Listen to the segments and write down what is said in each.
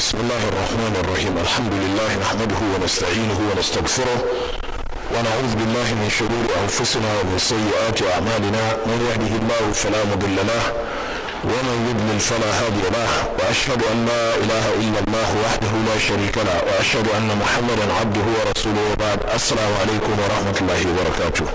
بسم الله الرحمن الرحيم الحمد لله نحمده ونستعينه ونستغفره ونعوذ بالله من شرور انفسنا ومن سيئات اعمالنا من يهده الله فلا مضل له ومن يضلل فلا هادي له واشهد ان لا اله الا الله وحده لا شريك له واشهد ان محمدا عبده ورسوله وبعد السلام عليكم ورحمه الله وبركاته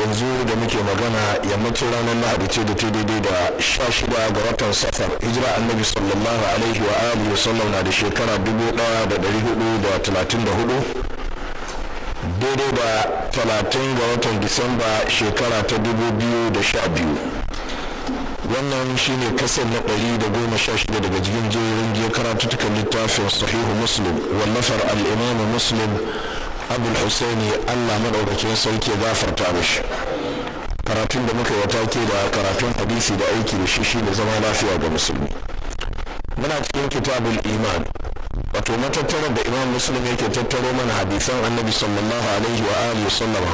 yanzu da muke magana yammacin ranar lahadi ce da ta daidai da sha shida ga watan safar hijira annabi sallallahu alaihi wa alihi wasallam na da shekara dubu daya da dari hudu da talatin da hudu daidai da talatin ga watan disamba shekara ta dubu biyu da sha biyu wannan shine kasar na dari da goma sha shida daga cikin jerin tukan littafin sahihu muslim wallafar al'imamu muslim abu husaini allah maɗaukacin sarki gafarta mishi karatun da muka yi take da karatun hadisi da aiki da shi da zama lafiya ga musulmi muna cikin kitabul iman wato matattarar da imam muslim yake tattaro mana hadisan annabi sallallahu alaihi wa alihi sallama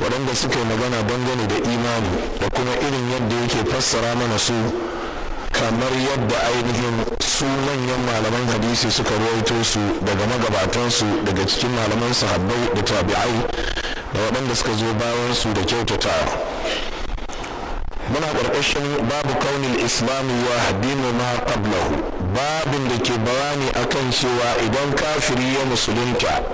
waɗanda suka yi magana dangane da imani da kuma irin yadda yake fassara mana su kamar yadda ainihin su manyan malaman hadisi suka rawaito su daga magabatansu daga cikin malaman sahabbai da tabi'ai da waɗanda suka zo bayan su da kyautata muna ƙarƙashin babu kaunin islamu wa haddinu ma qablahu babin da ke bayani akan cewa idan kafiri ya musulunta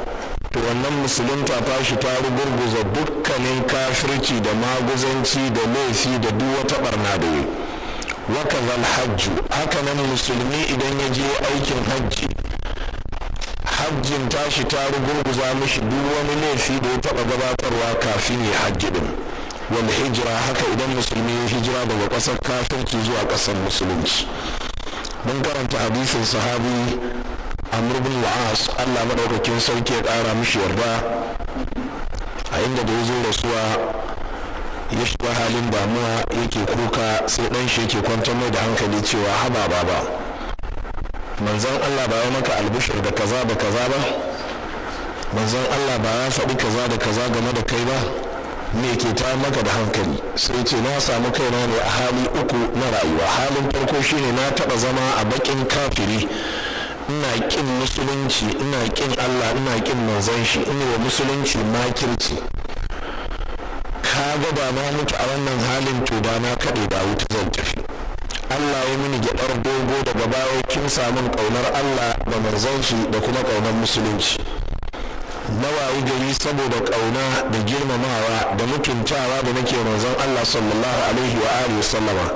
to wannan musulunta shi ta rugurguza dukkanin kafirci da maguzanci da laifi da duk wata barna da yi wakazal hajju haka nan musulmi idan ya je aikin hajji hajjin tashi ta rugurguza mishi duk wani laifi da ya taɓa gabatarwa kafin ya hajji din wani hijira haka idan musulmi ya hijira daga ƙasar kafirci zuwa ƙasar musulunci mun karanta hadisin sahabi amr bin wa'as allah maɗaukakin sauke ya ƙara mishi yarda a inda da ya zo rasuwa ya shiga halin damuwa yake kuka sai dan shi yake kwantar mai da hankali cewa haba ba ba manzon allah ba ya maka albishir da kaza da kaza ba manzon allah ba ya faɗi kaza da kaza game da kai ba me ke ta maka da hankali sai ce na samu kaina ne a hali uku na rayuwa halin farko shine na taɓa zama a bakin kafiri ina kin musulunci ina kin allah ina kin manzon shi ina wa musulunci makirci ga na mutu a wannan halin to da na kaɗe ba wuta zan tafi Allah ya mini gyaɗar dogo daga baya kin samun ƙaunar Allah da manzon da kuma ƙaunar musulunci na wayi gari saboda ƙauna da girmamawa da mutuntawa da nake manzon Allah sallallahu alaihi wa alihi sallama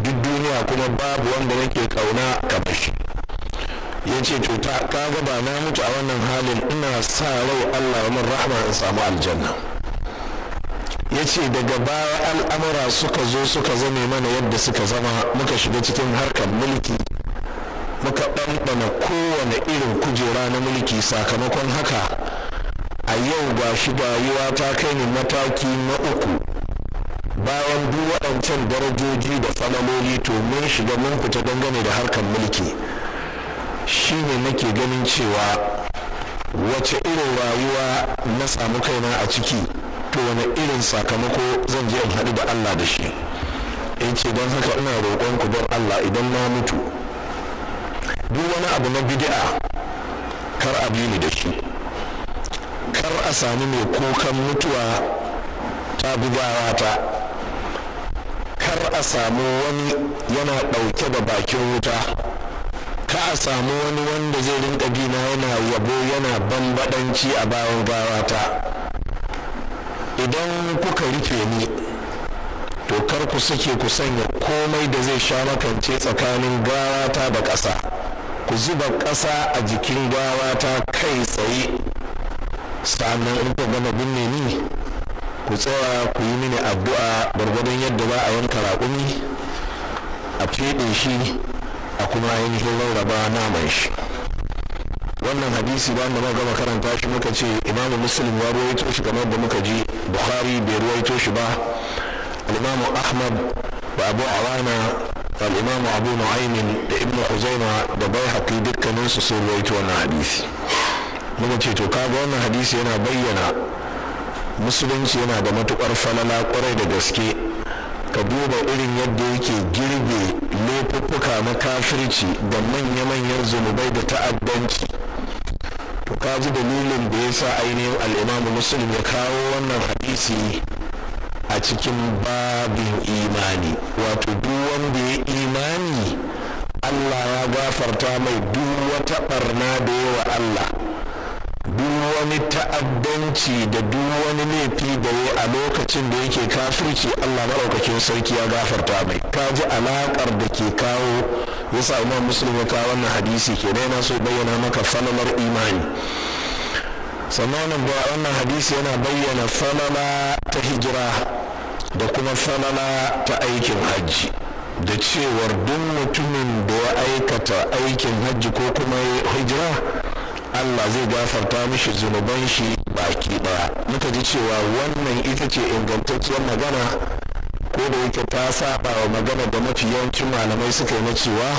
duk duniya kuma babu wanda nake ƙauna kamar shi ya ce to ta kaga ba na mutu a wannan halin ina sa rai Allah wa min rahma in samu aljanna ya ce daga baya al'amura suka zo suka zame mana yadda suka zama muka shiga cikin harkar mulki muka ɗanɗana kowane irin kujera na mulki sakamakon haka a yau ga shi rayuwa ta kai ni mataki na uku bayan duk waɗancan darajoji da falaloli to mun shiga mun fita dangane da harkar mulki shine ne nake ganin cewa wace irin rayuwa na samu kaina a ciki to wani irin sakamako zan je in haɗu da Allah da shi in ce don haka ina roƙon ku don Allah idan na mutu duk wani abu na bid'a kar a bi ni da shi kar a sami mai kukan mutuwa ta bugawa ta kar a samu wani yana ɗauke da bakin wuta ka a samu wani wanda zai rinka bina yana yabo yana bambadanci a bayan gawata. idan kuka rufe ni to kar ku sake ku sanya komai da zai sha makance tsakanin gawata da ƙasa ku zuba ƙasa a jikin gawata kai tsaye sannan in ku gama binne ni ku tsaya ku yi mini addu'a gwargwadon yadda ba a yanka raƙumi a feɗe shi a kuma ainihin rarraba naman shi wannan hadisi da muka gama karanta shi muka ce imamu muslim ya ruwaito shi kamar da muka ji bukhari bai ruwaito shi ba al'imamu ahmad da abu awana da al'imamu abu nu'aymin da ibn huzaima da bai dukkanin su sun ruwaito wannan hadisi muka ce to kaga wannan hadisi yana bayyana musulunci yana da matukar falala kwarai da gaske ka duba irin yadda yake girbe laifuffuka na kafirci da manya-manyan zunubai da ta'addanci to ka ji dalilin da ya sa ainihin al'imamu muslim ya kawo wannan hadisi a cikin babin imani wato duk wanda ya imani allah ya gafarta mai duk wata barna da yawa allah duk wani ta'addanci da duk wani laifi da ya a lokacin da yake kafirci allah maɗaukakin sarki ya gafarta mai ka ji alaƙar da ke kawo yasa imam muslim ya kawo wannan hadisi ke yana so bayyana maka falalar imani sannan wannan hadisi yana bayyana falala ta hijira da kuma falala ta aikin hajji da cewar duk mutumin da ya aikata aikin hajji ko kuma hijira allah zai gafarta mishi zunuban shi baki ɗaya muka ji cewa wannan ita ce ingantacciyar magana ko da yake ta saba wa magana da mafi yawancin malamai suka yi na cewa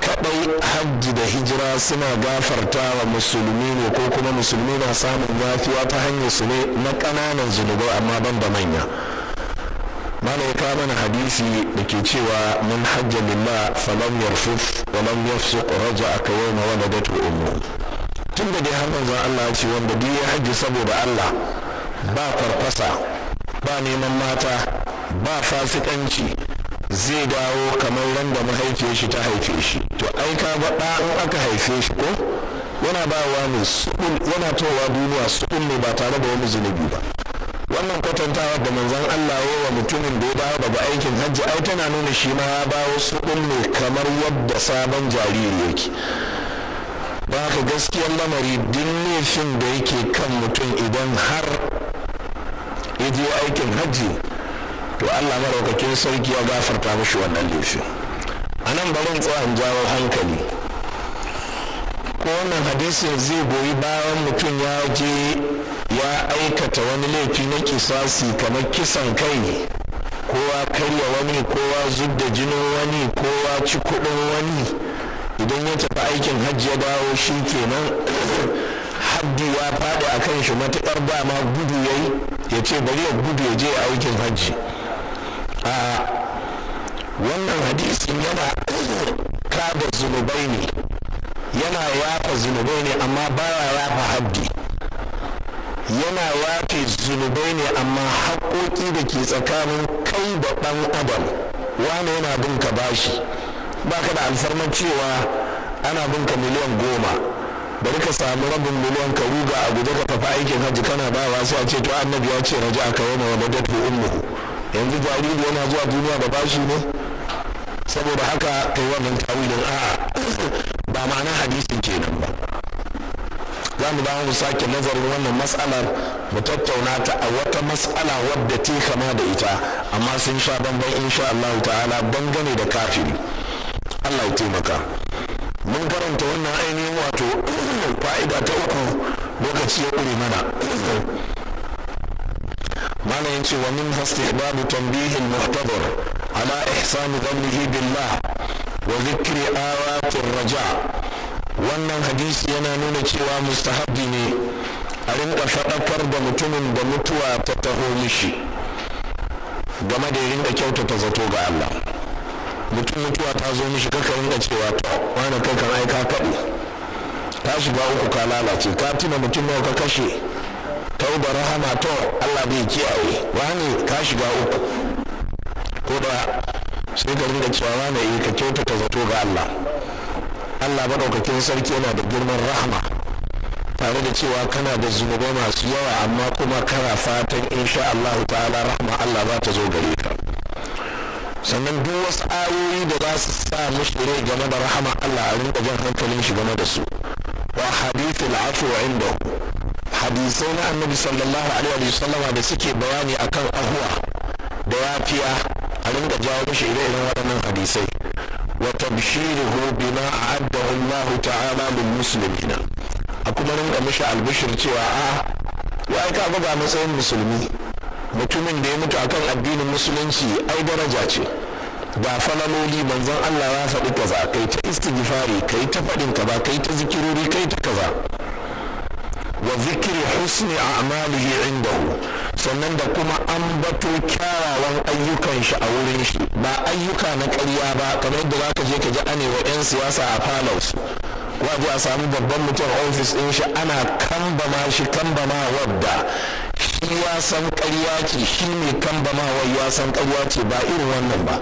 kaɗai hajji da hijira suna gafarta wa musulmi ne ko kuma musulmi na samun yafiya ta hanyar su ne na ƙananan zunubai amma ban da manya mana ya kama na hadisi da ke cewa mun hajja lillah falam yarfuf wa lam yafsuq raja'a wanda yawma waladatu ummu tun da dai har manzon Allah ya ce wanda duk ya hajji saboda Allah ba farfasa ba neman mata ba fasikanci zai dawo kamar randa mahaifiye shi ta haife shi to ai ka ba in aka haife shi ko yana wa ne yana towa duniya sukun ne ba tare da wani zunubi ba wannan kwatantawa da manzon Allah wa mutumin da ya dawo daga aikin hajji ai tana nuna shi ma ya bawo sukun ne kamar yadda sabon jariri yake ba ka gaskiyar lamari din laifin da yake kan mutum idan har ya je aikin hajji to allah maraukakin sarki ya gafarta mashi wannan laifin a nan barin tsohon jawo hankali ko wannan hadisin zai goyi bayan mutum ya je ya aikata wani laifi na kisasi kamar kisan kai kowa karya wani kowa zub jinin wani kowa ci kudin wani idan ya tafi aikin hajji ya dawo shi kenan haddi ya faɗi a kan shi matuƙar ba ma gudu ya yi. ya ce bari ya gudu ya je aikin hajji a wannan hadisin yana kada zunubai ne yana yafa zunubai ne amma baya yafa haddi yana yafe zunubai ne amma haƙoƙi da ke tsakanin kai da ɗan adam wane yana bin ka bashi ba ka da alfarmar cewa ana bin ka miliyan goma bari ka samu rabin miliyan ka ruga a guje ka tafi aikin hajji kana ba wa sai a ce to annabi ya ce raja ka yana wa madatu ummuhu yanzu jariri yana zuwa duniya da bashi ne saboda haka kai wannan tawilin a'a ba ma'ana hadisin kenan ba za mu dawo mu sake nazarin wannan matsalar mu tattauna ta a wata matsala wadda ta kama da ita amma sun sha bamban insha Allah ta'ala dangane da kafiri Allah ya taimaka mun karanta wannan ainihin wato fa'ida ta uku lokaci ya ƙure mana mana ya ce wa haske ba babu tambihin muhtabar ala ihsani dhannihi billah wa zikri ayatir raja wannan hadisi yana nuna cewa mustahabbi ne a rinka faɗakar da mutumin da mutuwa ta taho mishi game da yin kyauta kyautata zato ga Allah mutum mutuwa ta zo mishi kaka rinka cewa ta wani kai kan ka kaɗu, ka shiga uku ka lalace ka tuna mutum nawa ka kashe tauba rahama to Allah bai kiyaye wani ka shiga uku ko da sai ka rinka cewa wani yi eh, ka kyautata zato ga Allah Allah maɗaukakin sarki yana da girman rahama tare da cewa kana da zunubai masu yawa amma kuma kana fatan insha Allah ta'ala rahama Allah za ta zo gare ka sannan duk wasu ayoyi da za su sa mushi rai game da rahama Allah a rinka jan hankalin shi game da su wa hadithul afu inda hadisai na annabi sallallahu alaihi wa sallama da suke bayani akan ahuwa da yafiya a rinka jawo mushi ire irin waɗannan hadisai wa tabshiruhu bima a'addahu Allah ta'ala lil muslimina a kuma rinka mishi albishir cewa a ah, ya ka ga matsayin musulmi mutumin da ya mutu akan addinin musulunci ai daraja ce ga falaloli manzon Allah ya faɗi kaza kai ta istighfari kai ta faɗin kaza kai ta zikirori kai ta kaza wa zikri husni a'malihi indahu sannan da kuma an bato kyawawan ayyukan shi a wurin shi ba ayyuka na ƙarya ba kamar yadda za ka je ka ji anewa 'yan siyasa a kuma waje a samu babban mutum ofis ɗin shi ana kambama shi kambama wadda shi ya san karya ce shi ne kan mawa ya san karya ce ba irin wannan ba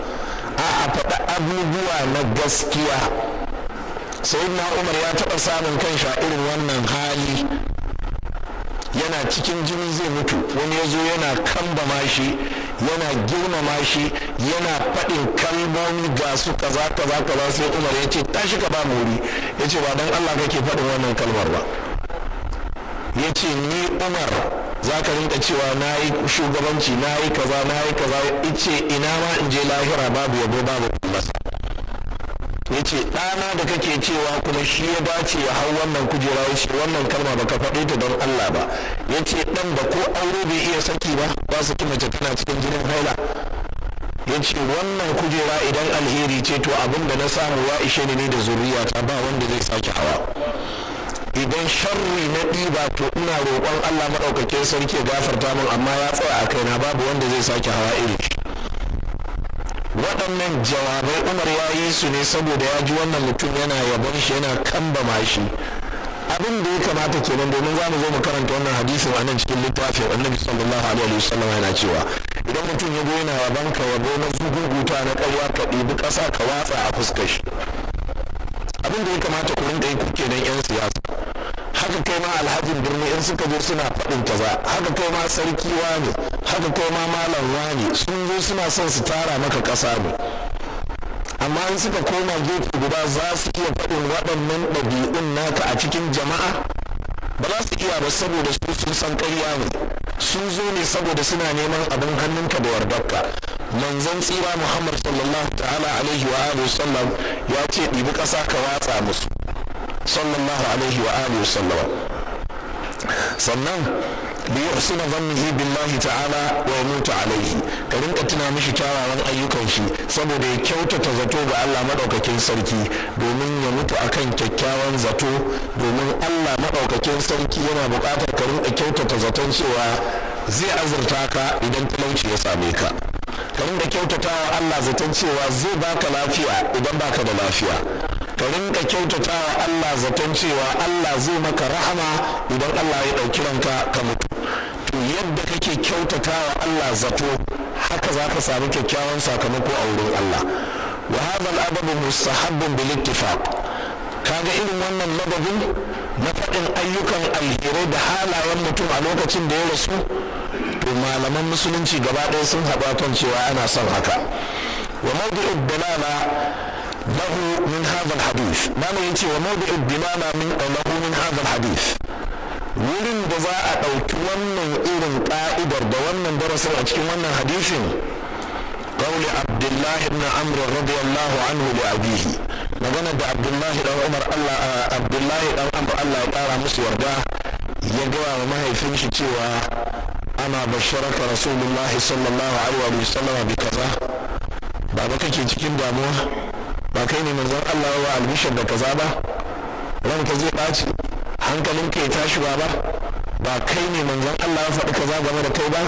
a a faɗa abubuwa na gaskiya sai na umar ya taɓa samun kan sha irin wannan hali yana cikin jini zai mutu wani ya zo yana kambama shi yana girmama shi yana faɗin kalmomi ga su kaza kaza kaza sai umar ya ce tashi ka ba muri ya ce ba don allah kake faɗin wannan kalmar ba ya ce ni umar za ka rinka cewa na yi shugabanci na yi kaza na yi kaza ce ina ma in je lahira babu yabo babu masa ya ce ɗana da kake cewa kuma shi ya dace ya hau wannan kujera ya ce wannan kalma baka faɗe ta don Allah ba ya ce ɗan da ko aure bai iya saki ba ba su mace tana cikin jinin haila ya ce wannan kujera idan alheri ce to abin da na samu wa ishe ni da zuriya ta ba wanda zai sake hawa idan sharri na ɗiba to ina roƙon Allah maɗaukakin sarki ya gafarta min amma ya tsaya a kaina babu wanda zai sake hawa iri waɗannan jawabai umar ya yi su ne saboda ya ji wannan mutum yana yabon shi yana kambama shi abin da ya kamata kenan domin za mu zo mu karanta wannan hadisin a nan cikin littafin annabi sallallahu alaihi wasallam yana cewa idan mutum ya zo yana yabon ka yabo na zuguguta na ƙarya ka ɗibi ƙasa ka watsa a fuskar shi abin da ya kamata ku rinka yi kuke nan yan siyasa haka kai ma alhajin birni in suka zo suna faɗin kaza haka kai ma sarki ne haka kai ma malam wani sun zo suna son su tara maka ƙasa ne amma in suka koma gefe guda za su iya faɗin waɗannan ɗabi'un naka a cikin jama'a ba za su iya ba saboda su sun san ƙarya ne sun zo ne saboda suna neman abin hannunka da yardarka manzon tsira muhammad sallallahu ta'ala alaihi wa alihi sallam ya ce ɗibi ƙasa ka watsa musu sallallahu alaihi wa alihi sallam sannan bi zan yi billahi ta'ala wa mutu alayhi ka rinka tuna mishi kyawawan ayyukan shi saboda ya kyautata zato ga Allah maɗaukakin sarki domin ya mutu akan kyakkyawan zato domin Allah maɗaukakin sarki yana buƙatar ka rinka kyautata zaton cewa zai azurta ka idan talauci ya same ka ka rinka kyautata wa Allah zaton cewa zai baka lafiya idan baka da lafiya ka rinka kyautata wa Allah zaton cewa Allah zai maka rahama idan Allah ya ɗauki ranka ka mutu to yadda kake kyautata wa Allah zato haka za ka samu kyakkyawan sakamako a wurin Allah wa hadha al-adabu mustahabbun bil ittifaq kaga irin wannan ladabi na faɗin ayyukan alherai da halayen mutum a lokacin da ya rasu to malaman musulunci gaba ɗaya sun haɗa kan cewa ana son haka wa mawdu'ud dalala له من هذا الحديث ما نيجي وموضع الدماء من له من هذا الحديث wurin da za a ɗauki wannan irin ƙa'idar da wannan darasin a cikin wannan hadisin ƙauli abdullahi ibn amr radiyallahu anhu li abihi magana da abdullahi dan umar allah abdullahi dan amr allah ya musu yarda ya gaya wa mahaifinshi cewa ana basharaka rasulullahi sallallahu alaihi wa sallam bi kaza ba kake cikin damuwa ba kai ne manzon Allah wa albishir da kaza ba ranka zai ɓaci hankalin ka ya tashi ba ba kai ne manzon Allah ya faɗi kaza game da kai ba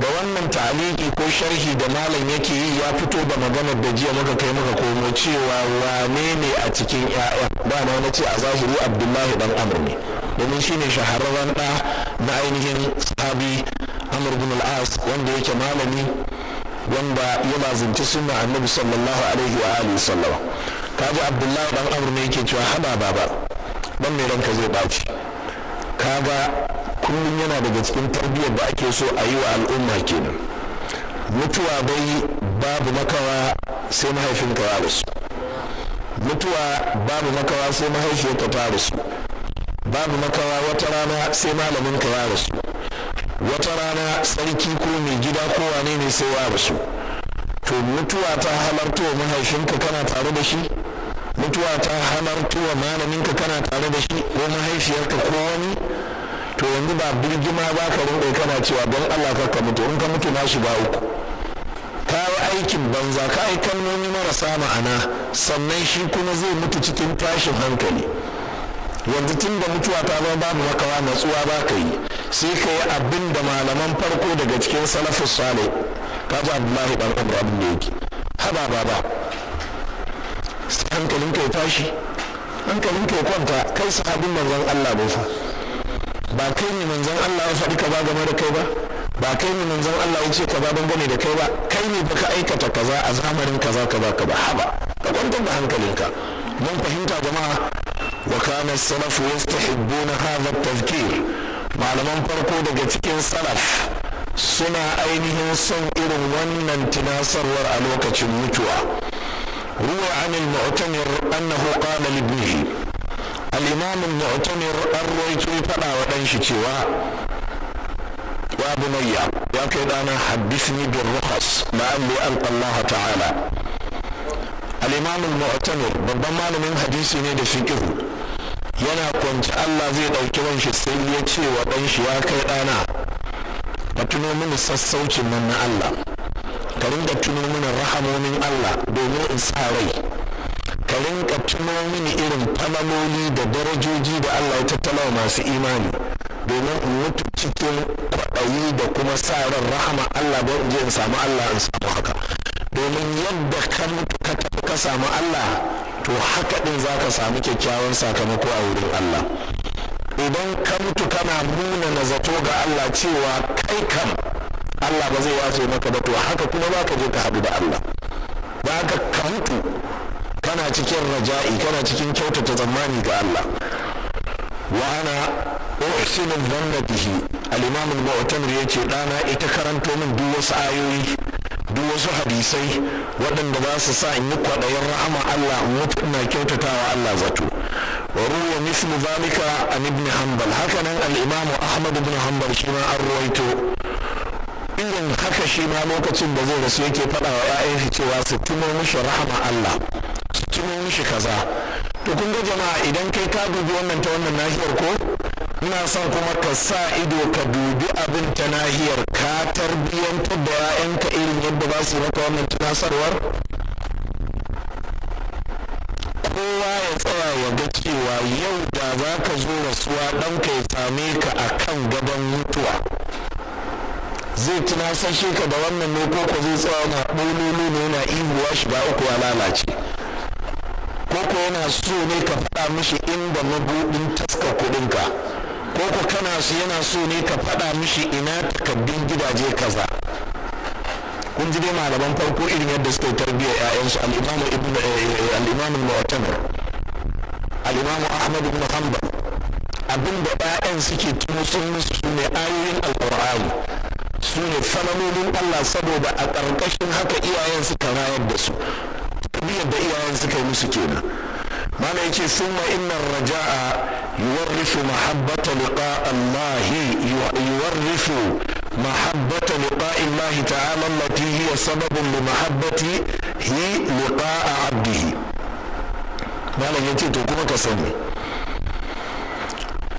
da wannan ta'aliki ko sharhi da malam yake yi ya fito da maganar da jiya muka kai muka komo cewa wane ne a cikin ya'ya ba na wani ce a zahiri abdullahi dan amr ne domin shine shahararren ɗa na ainihin sabi amr bin al-as wanda yake malami wanda ya lazimci suna annabi sallallahu alaihi wa alihi sallama kaji abdullahi dan amr ne yake cewa ba baba dan mai ranka zai ka kaga kullum yana daga cikin tarbiyyar da ake so a yi wa al'umma kenan mutuwa bai babu makawa sai mahaifinka ya su mutuwa babu makawa sai ka ta su babu makawa wata rana sai malamin ka ya su. wata rana sarki ko mai gida ko wane ne sai wa rasu to mutuwa ta halarta wa mahaifinka kana tare da shi mutuwa ta halarta wa malaminka kana tare da shi ko mahaifiyarka ko wani to yanzu ba birgima ba ka rinƙa kana cewa don Allah ka ka mutu in ka mutu na shiga uku ka yi aikin banza ka yi kalmomi marasa ma'ana sannan shi kuma zai mutu cikin tashin hankali yanzu tun da mutuwa ta zama babu makawa natsuwa ba ka yi sai ka yi abin da malaman farko daga cikin salafus sale ka ji abdullahi dan amr abin da yake haba ba hankalin ka ya tashi hankalin ka ya kwanta kai sahabin manzon Allah bai fa ba kai ne manzon Allah ya faɗi kaza game da kai ba ba kai ne manzon Allah ya ce kaza dangane da kai ba kai ne baka aikata kaza a zamanin kaza ka ba ka ba haba ka kwantar da hankalinka don fahimta jama'a وكان السلف يستحبون هذا التذكير مع لمن فرقوا دقتكين سلف صنع أينه صن إرن ون انتنا سرور ألوكة المتوى روى عن المعتمر أنه قال لابنه الإمام المعتمر أرويت فلا ودنش تيوى يا بني يا كيد أنا حدثني بالرخص لأني ألقى الله تعالى al-imam babban malamin hadisi ne da fiqh yana kwanci Allah zai dauki wanshi sai ya ce wa dan shi ya kai dana ka tuno mini sassaucin nan na Allah ka rinka tuno mini rahamomin Allah domin in sa rai ka rinka tuno mini irin falaloli da darajoji da Allah ya tattala masu imani domin in mutu cikin kwaɗayi da kuma sa ran rahama Allah don in je in samu Allah in samu haka domin yadda ka ka samu Allah to haka ɗin za ka samu kyakkyawan sakamako a wurin Allah idan ka mutu kana nuna na zato ga Allah cewa kai kam Allah ba zai wace maka ba to haka kuma ba ka je ka haɗu da Allah ba ka ka mutu kana cikin raja'i kana cikin kyautata tsammani ga Allah wa ana uhsinu dhanna bihi al-imam al-mu'tamir yace dana ita karanto min duk wasu ayoyi duk wasu hadisai waɗanda za su sa in yi kwaɗayin rahama Allah mutu ina kyautatawa Allah zato ruwa mislu zalika an ibn hanbal hakanan al-imam ahmad ibn hanbal shi ma an ruwaito irin haka shi ma lokacin da zai rasu yake faɗa wa 'ya'yan shi cewa su tuno mishi rahama Allah su tuno mishi kaza to kun ga jama'a idan kai ka dubi wannan ta wannan nahiyar ko ina son kuma ka sa ido ka dubi abin ta nahiyar ka tarbiyyantar da ka irin yadda za su yi maka wannan tunasarwar kowa ya tsaya ya ga cewa yau da za ka zo rasuwa ka ya same ka a kan gadon mutuwa zai tunasar shi ka da wannan ne ko zai tsaya na ɓololo ne yana ihuwa shi ba uku ya lalace Koko yana so ne ka faɗa mishi inda mabuɗin taska kuɗinka ko ko kana su yana so ne ka faɗa mishi ina takaddun gidaje kaza kun ji dai malaman farko irin yadda suka yi tarbiyyar 'ya'yansu al'imamu ibn eh, eh, al'imamu mu'tamir al'imamu ahmad ibn hanbal abinda 'ya'yan suke tuno sun musu su ne ayoyin alqur'ani su ne falalolin Allah saboda a ƙarƙashin haka iyayen suka rayar da su tarbiyyar da iyayen suka yi musu kenan mana yake summa innar raja'a يورث محبة لقاء الله يورث محبة لقاء الله تعالى التي هي سبب لمحبته لقاء عبده malam ya ce to kuma ka sani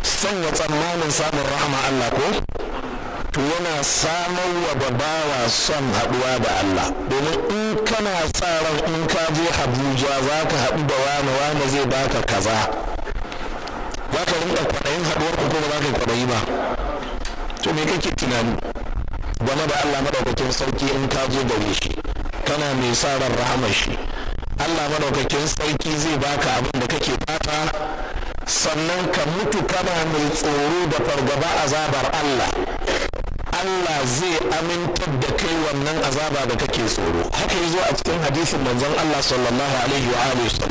sanya tsammanin samun rahma Allah ko to yana wa da son haɗuwa da Allah domin in kana sa ran in ka je habuja za ka haɗu da wani wani zai baka kaza kana kwaɗayin haɗuwar ku ko ba za ka ba to me kake tunani game da Allah madaukakin sarki in ka zo gare shi kana mai sa ran rahamar shi Allah madaukakin sarki zai baka abin da kake fata sannan ka mutu kana mai tsoro da fargaba azabar Allah Allah zai amintar da kai wannan azaba da kake tsoro haka yazo a cikin hadisin manzon Allah sallallahu alaihi wa alihi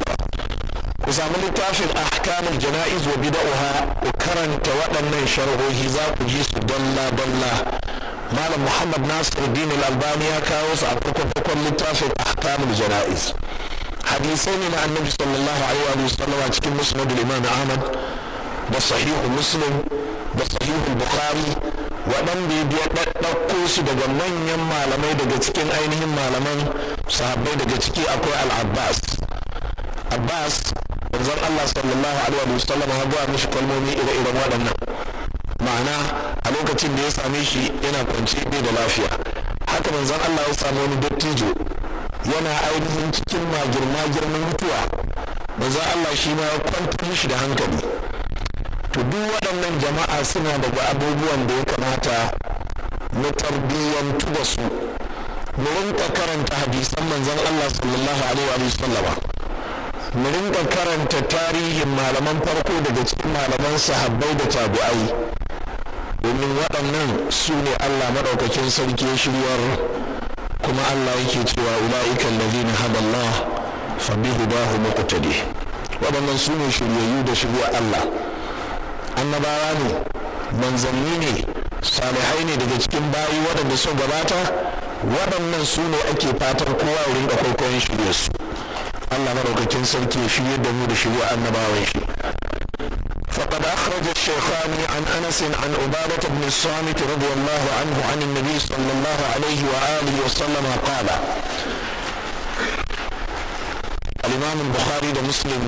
ku samu littafin ahkamul jana'iz wa bid'uha ku karanta waɗannan sharhohi za ku ji su dalla dalla malam muhammad nasiruddin al-albani ya kawo su a farkon farkon littafin ahkamul jana'iz hadisai ne na annabi sallallahu alaihi wa sallama cikin musnad imam ahmad da sahihu muslim da sahihu bukhari waɗanda ya ɗaɗɗauko su daga manyan malamai daga cikin ainihin malaman sahabbai daga ciki akwai al-abbas abbas manzon Allah sallallahu alaihi wa sallam ya gwa mishi kalmomi ire-iren waɗannan ma'ana a lokacin da ya same shi yana kwance bai da lafiya haka manzon Allah ya samu wani dattijo yana ainihin cikin girma girman mutuwa manzon Allah shi ma ya kwantar mishi da hankali to duk waɗannan jama'a suna daga abubuwan da ya kamata na tarbiyyantu da su mu rinka karanta hadisan manzon Allah sallallahu alaihi wa sallam mu rinka karanta tarihin malaman farko daga cikin malaman sahabbai da tabi'ai domin waɗannan su ne Allah maɗaukakin sarki ya shiryar kuma Allah yake cewa ula'ika allazina hadallah fa bihudahu muqtadi waɗannan su ne shiryayyu da shirya Allah annabawa ne manzanni ne salihai ne daga cikin bayi waɗanda sun gabata waɗannan su ne ake fatan kowa ya rinka kwaikwayon shiryarsu su Allah madaukakin sarki ya shirye da mu da shirye annabawan shi فقد أخرج الشيخان عن أنس عن عبادة بن الصامت رضي الله عنه عن النبي صلى الله عليه وآله وسلم قال الإمام البخاري ده مسلم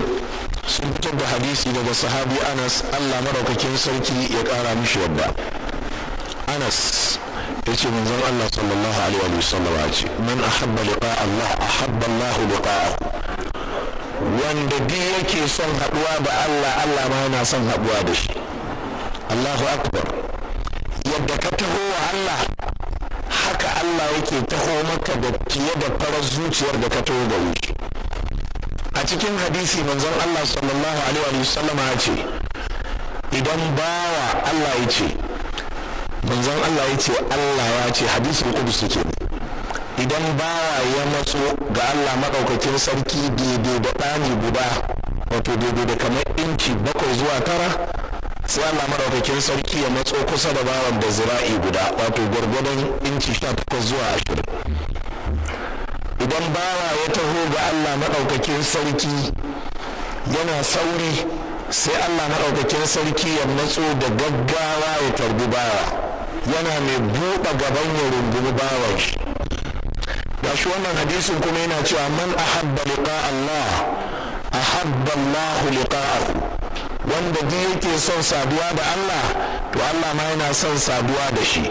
سنتب حديثي ده صحابي أنس الله مرة كين سركي يقارى مش يبدا أنس يتي من الله صلى الله عليه وسلم من أحب لقاء الله أحب الله لقاءه wanda duk yake son haɗuwa da Allah Allah ma yana son haɗuwa da shi Allahu akbar yadda ka taho wa Allah haka Allah yake taho maka da fiye da farar zuciyar da ka taho da wuce a cikin hadisi manzon Allah sallallahu alaihi wa sallam ya ce idan bawa Allah ya ce manzon Allah ya ce Allah ya ce hadisul qudsi ne idan bawa ya matso ga Allah maɗaukakin sarki daidai da ɗani guda wato daidai da kamar inci bakwai zuwa tara sai Allah maɗaukakin sarki ya matso kusa da bawan da zira'i guda wato gwargwadon inci sha takwas zuwa ashirin idan bawa ya taho ga Allah maɗaukakin sarki yana sauri sai Allah maɗaukakin sarki ya matso da gaggawa ya tarbi bawa yana mai buɗe gaban ya rungumi bawan shi gashi wannan hadisin kuma yana cewa man ahabba liqa Allah ahabba Allah liqa'ahu wanda duk yake son saduwa da Allah to Allah ma yana son saduwa da shi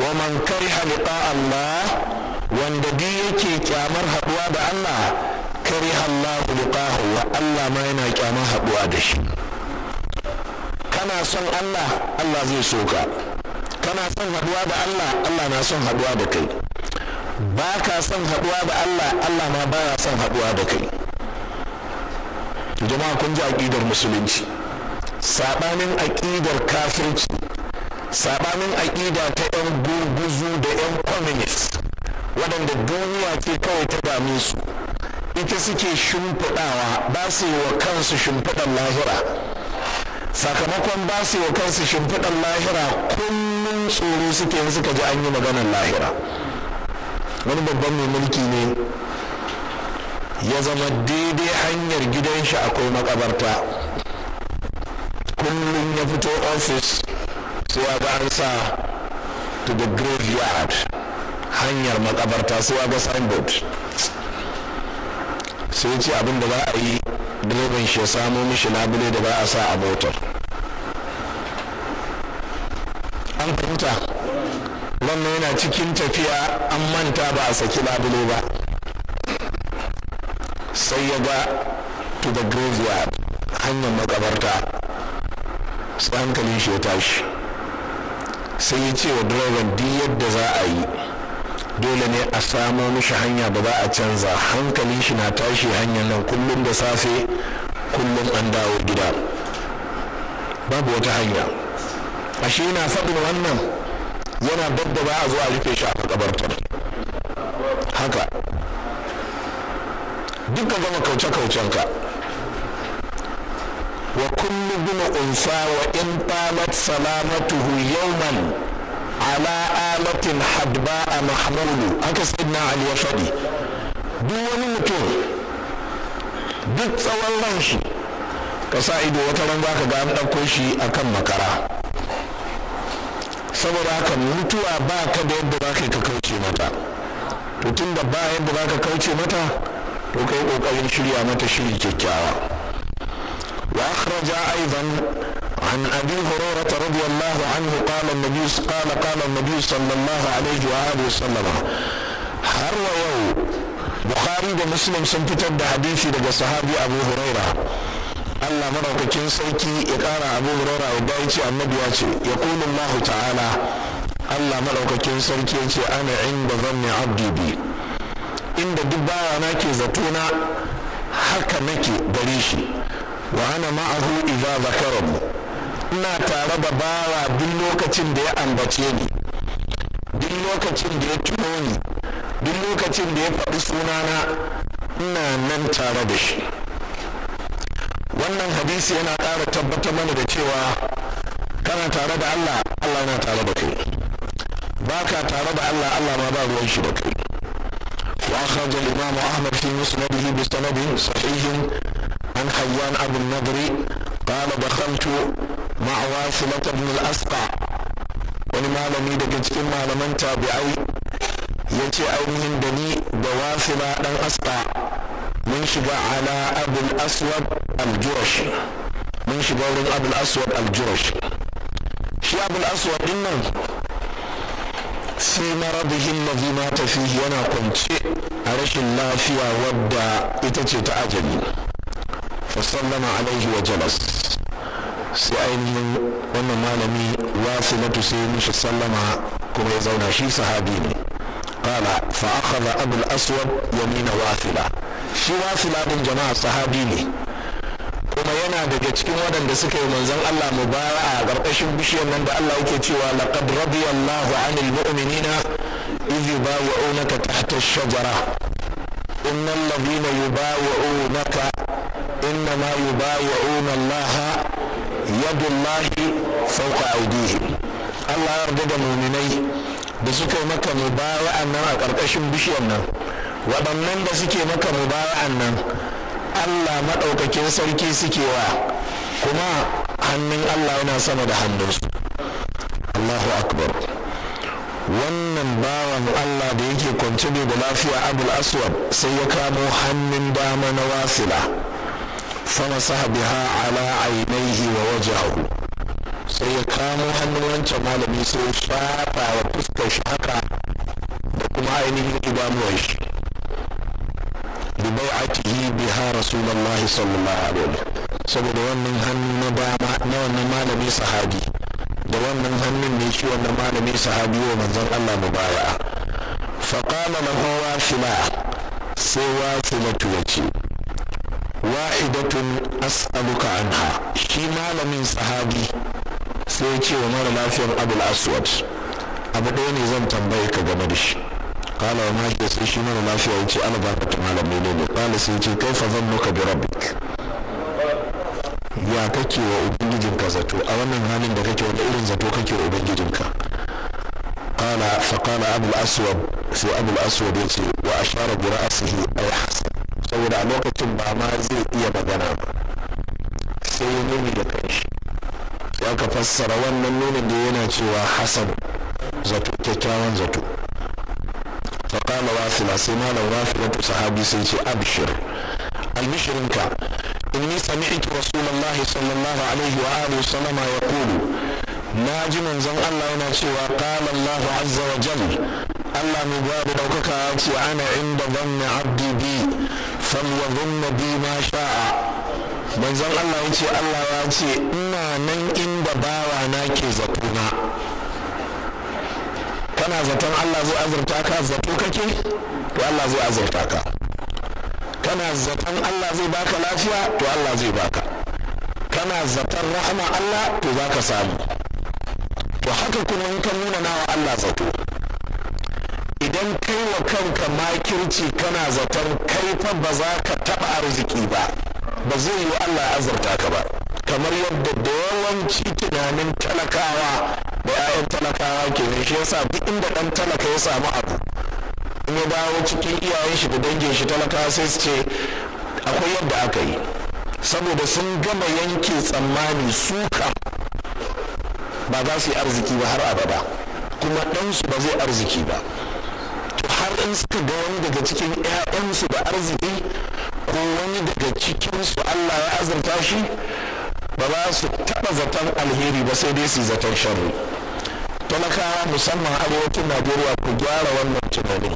wa man kariha liqa Allah wanda duk yake kyamar haduwa da Allah kariha Allah liqa'ahu Allah ma yana kyamar haduwa da shi kana son Allah Allah zai so ka kana son haduwa da Allah Allah na son haduwa da kai ba ka son haɗuwa da Allah Allah ma ba ya son haɗuwa da kai jama'a kun ji aƙidar musulunci saɓanin aƙidar kafirci saɓanin aƙida ta 'yan gurguzu da 'yan communist waɗanda duniya ke kawai ta dame su ita suke shimfiɗawa ba su yi wa kansu shimfiɗan lahira sakamakon ba su yi wa kansu shimfiɗan lahira kullum tsoro suke suka ji an yi maganar lahira wani babban mai mulki ne ya zama daidai hanyar gidan shi akwai makabarta kullum ya fito ofis sai ya ga an sa to the graveyard hanyar makabarta sai ya ga signboard sai ce abin da ba a yi direban shi ya samo mishi labule da ba a sa a motar an fahimta wannan yana cikin tafiya an manta ba a saki labule ba sai ya ga to the graveyard hanyar makabarta su hankali shi ya tashi sai ya ce wa direban duk yadda za a yi dole ne a samo mishi hanya ba za a canza hankali shi na tashi hanyar nan kullum da safe kullum an dawo gida babu wata hanya ashe yana faɗin wannan yana dabda ba a zo a rufe shi a makabartar haka duka gama kauce-kaucenka wa kullu bin unsa wa in talat salamatuhu yawman ala alatin hadba a mahmulu aka sayyidina ali ya faɗi duk wani mutum duk tsawon ranshi ka sa ido wata ran ka ga an ɗauko shi akan makara saboda haka mutuwa ba ka da yadda za ka kauce mata to tun da ba yadda za ka kauce mata to kai kokarin shirya mata shiri kyakkyawa wa akhraja aidan عن ابي radiyallahu anhu الله عنه قال النبي قال قال النبي صلى الله عليه واله وسلم har wa yau bukhari da muslim sun fitar da hadisi daga sahabi abu huraira Allah maɗaukakin sarki ya ƙara abu hurara ya bayan ce annabi ya ce ya kulu Allah ta'ala Allah maɗaukakin sarki ya ce ana zan ne abdi bi inda duk bayana na ke zatona haka nake gare shi wa ana ma'ahu idza mu ina tare da bawa duk lokacin da ya ambace ni duk lokacin da ya tuno ni duk lokacin da ya faɗi sunana ina nan tare da shi wannan hadisi yana ƙara tabbatar mana da cewa kana tare da Allah Allah yana tare da kai baka tare da Allah Allah ma ba ruwan shi da kai wa al imam ahmad وأخرج الإمام أحمد في مسنده بسند صحيح عن حيان أبو النضر قال دخلت مع واصلة بن الأسقع malami daga cikin malaman لمن yace ainihin da ni da wasila dan asqa منشب على ابو الاسود الجرش منشب على ابو الاسود الجرش شي ابو الاسود إنه في مرضه الذي مات فيه أنا كنت عرش الله فيها ودى اتت اجلي فسلم عليه وجلس سأيني وانا مالمي واثلة سيمش سلم كما يزون شي صحابيني قال فأخذ أبو الأسود يمين واثلة shi wasila din jama'a sahabi ne kuma yana daga cikin waɗanda suka yi manzon Allah mubara a ƙarƙashin bishiyar nan da Allah yake cewa laqad radiyallahu 'anil mu'minina idh yubawi'unaka tahta ash-shajara innal ladhina yubawi'unaka innama yubawi'una Allah yadullahi fawqa aydihim Allah ya yarda da mu'minai da suka yi maka mubara'a nan a ƙarƙashin bishiyar nan waɗannan da suke maka mubara'an nan allah maɗaukakin sarki suke wa kuma hannun allah yana sama da hannunsu allahu akbar wannan bawan allah da yake kwance da lafiya abul aswad sai ya kamo hannun dama na wasila sama sahabiha ala ainihi wa wajahu sai ya kamo hannun wancan malami sai ya shafa wa fuskar shi haka da kuma ainihin idanuwar shi bi bai'atihi biha rasulullahi sallallahu alaihi wasallam saboda wannan hannu na dama na wannan malami sahabi da wannan hannun ne shi wannan malami sahabi wa manzon Allah mubaya'a fa qala lahu wasila sai Wa wasilatu yace wahidatun as'aluka anha shi malamin sahabi sai ya ce wa mara lafiyar abul aswad abu ɗaya ne zan tambaye ka game da shi kala wa mahaifiyar shi mara lafiya ya ce ana baka ta malam ne ne kala sai ce kai fa zan nuka bi rabbik ya kake wa ubangijinka zato a wannan halin da kake wani irin zato kake wa ubangijinka kala fa kala abul aswad sai abul aswad ya ce wa ashara bi ra'sihi hasan saboda a lokacin ba ma zai iya magana ba sai ya nuni da kanshi ya ka fassara wannan nunin da yana cewa hasan zato kyakkyawan zato faƙala wasila sai malam wafilatu sahabi sai ce abshir albishirinka inni sami'tu rasulullahi sallallahu alaihi wa alihi sallama yaqulu na ji manzon Allah yana cewa qala Allah azza wa jalla Allah mai babu daukaka ya ce ana inda dhanni abdi bi falyadhunna bi ma sha'a manzon Allah ya Allah ya ina nan inda bawa na ke zato kana zaton Allah zai azurta ka zato kake to Allah zai azurta ka kana zaton Allah zai baka lafiya to Allah zai baka kana zaton rahama Allah to zaka samu to haka kuma in ka nuna nawa Allah zato idan kai wa kanka makirci kana zaton kai fa ba za ka taɓa arziki ba ba zai yi Allah azurta ka ba kamar yadda da yawanci tunanin talakawa da yayan ke ne shi yasa duk inda dan talaka ya samu abu in ya dawo cikin iyayen shi da dangin shi talaka sai su ce akwai yadda aka yi saboda sun gama yanke tsammani suka ba za su yi arziki ba har abada kuma ɗansu ba zai arziki ba to har in suka ga wani daga cikin 'ya'yansu da arziki ko wani daga cikinsu allah ya azurta shi ba za su taɓa zaton alheri ba sai dai su zaton sharri talakawa musamman arewacin najeriya ku gyara wannan tunanin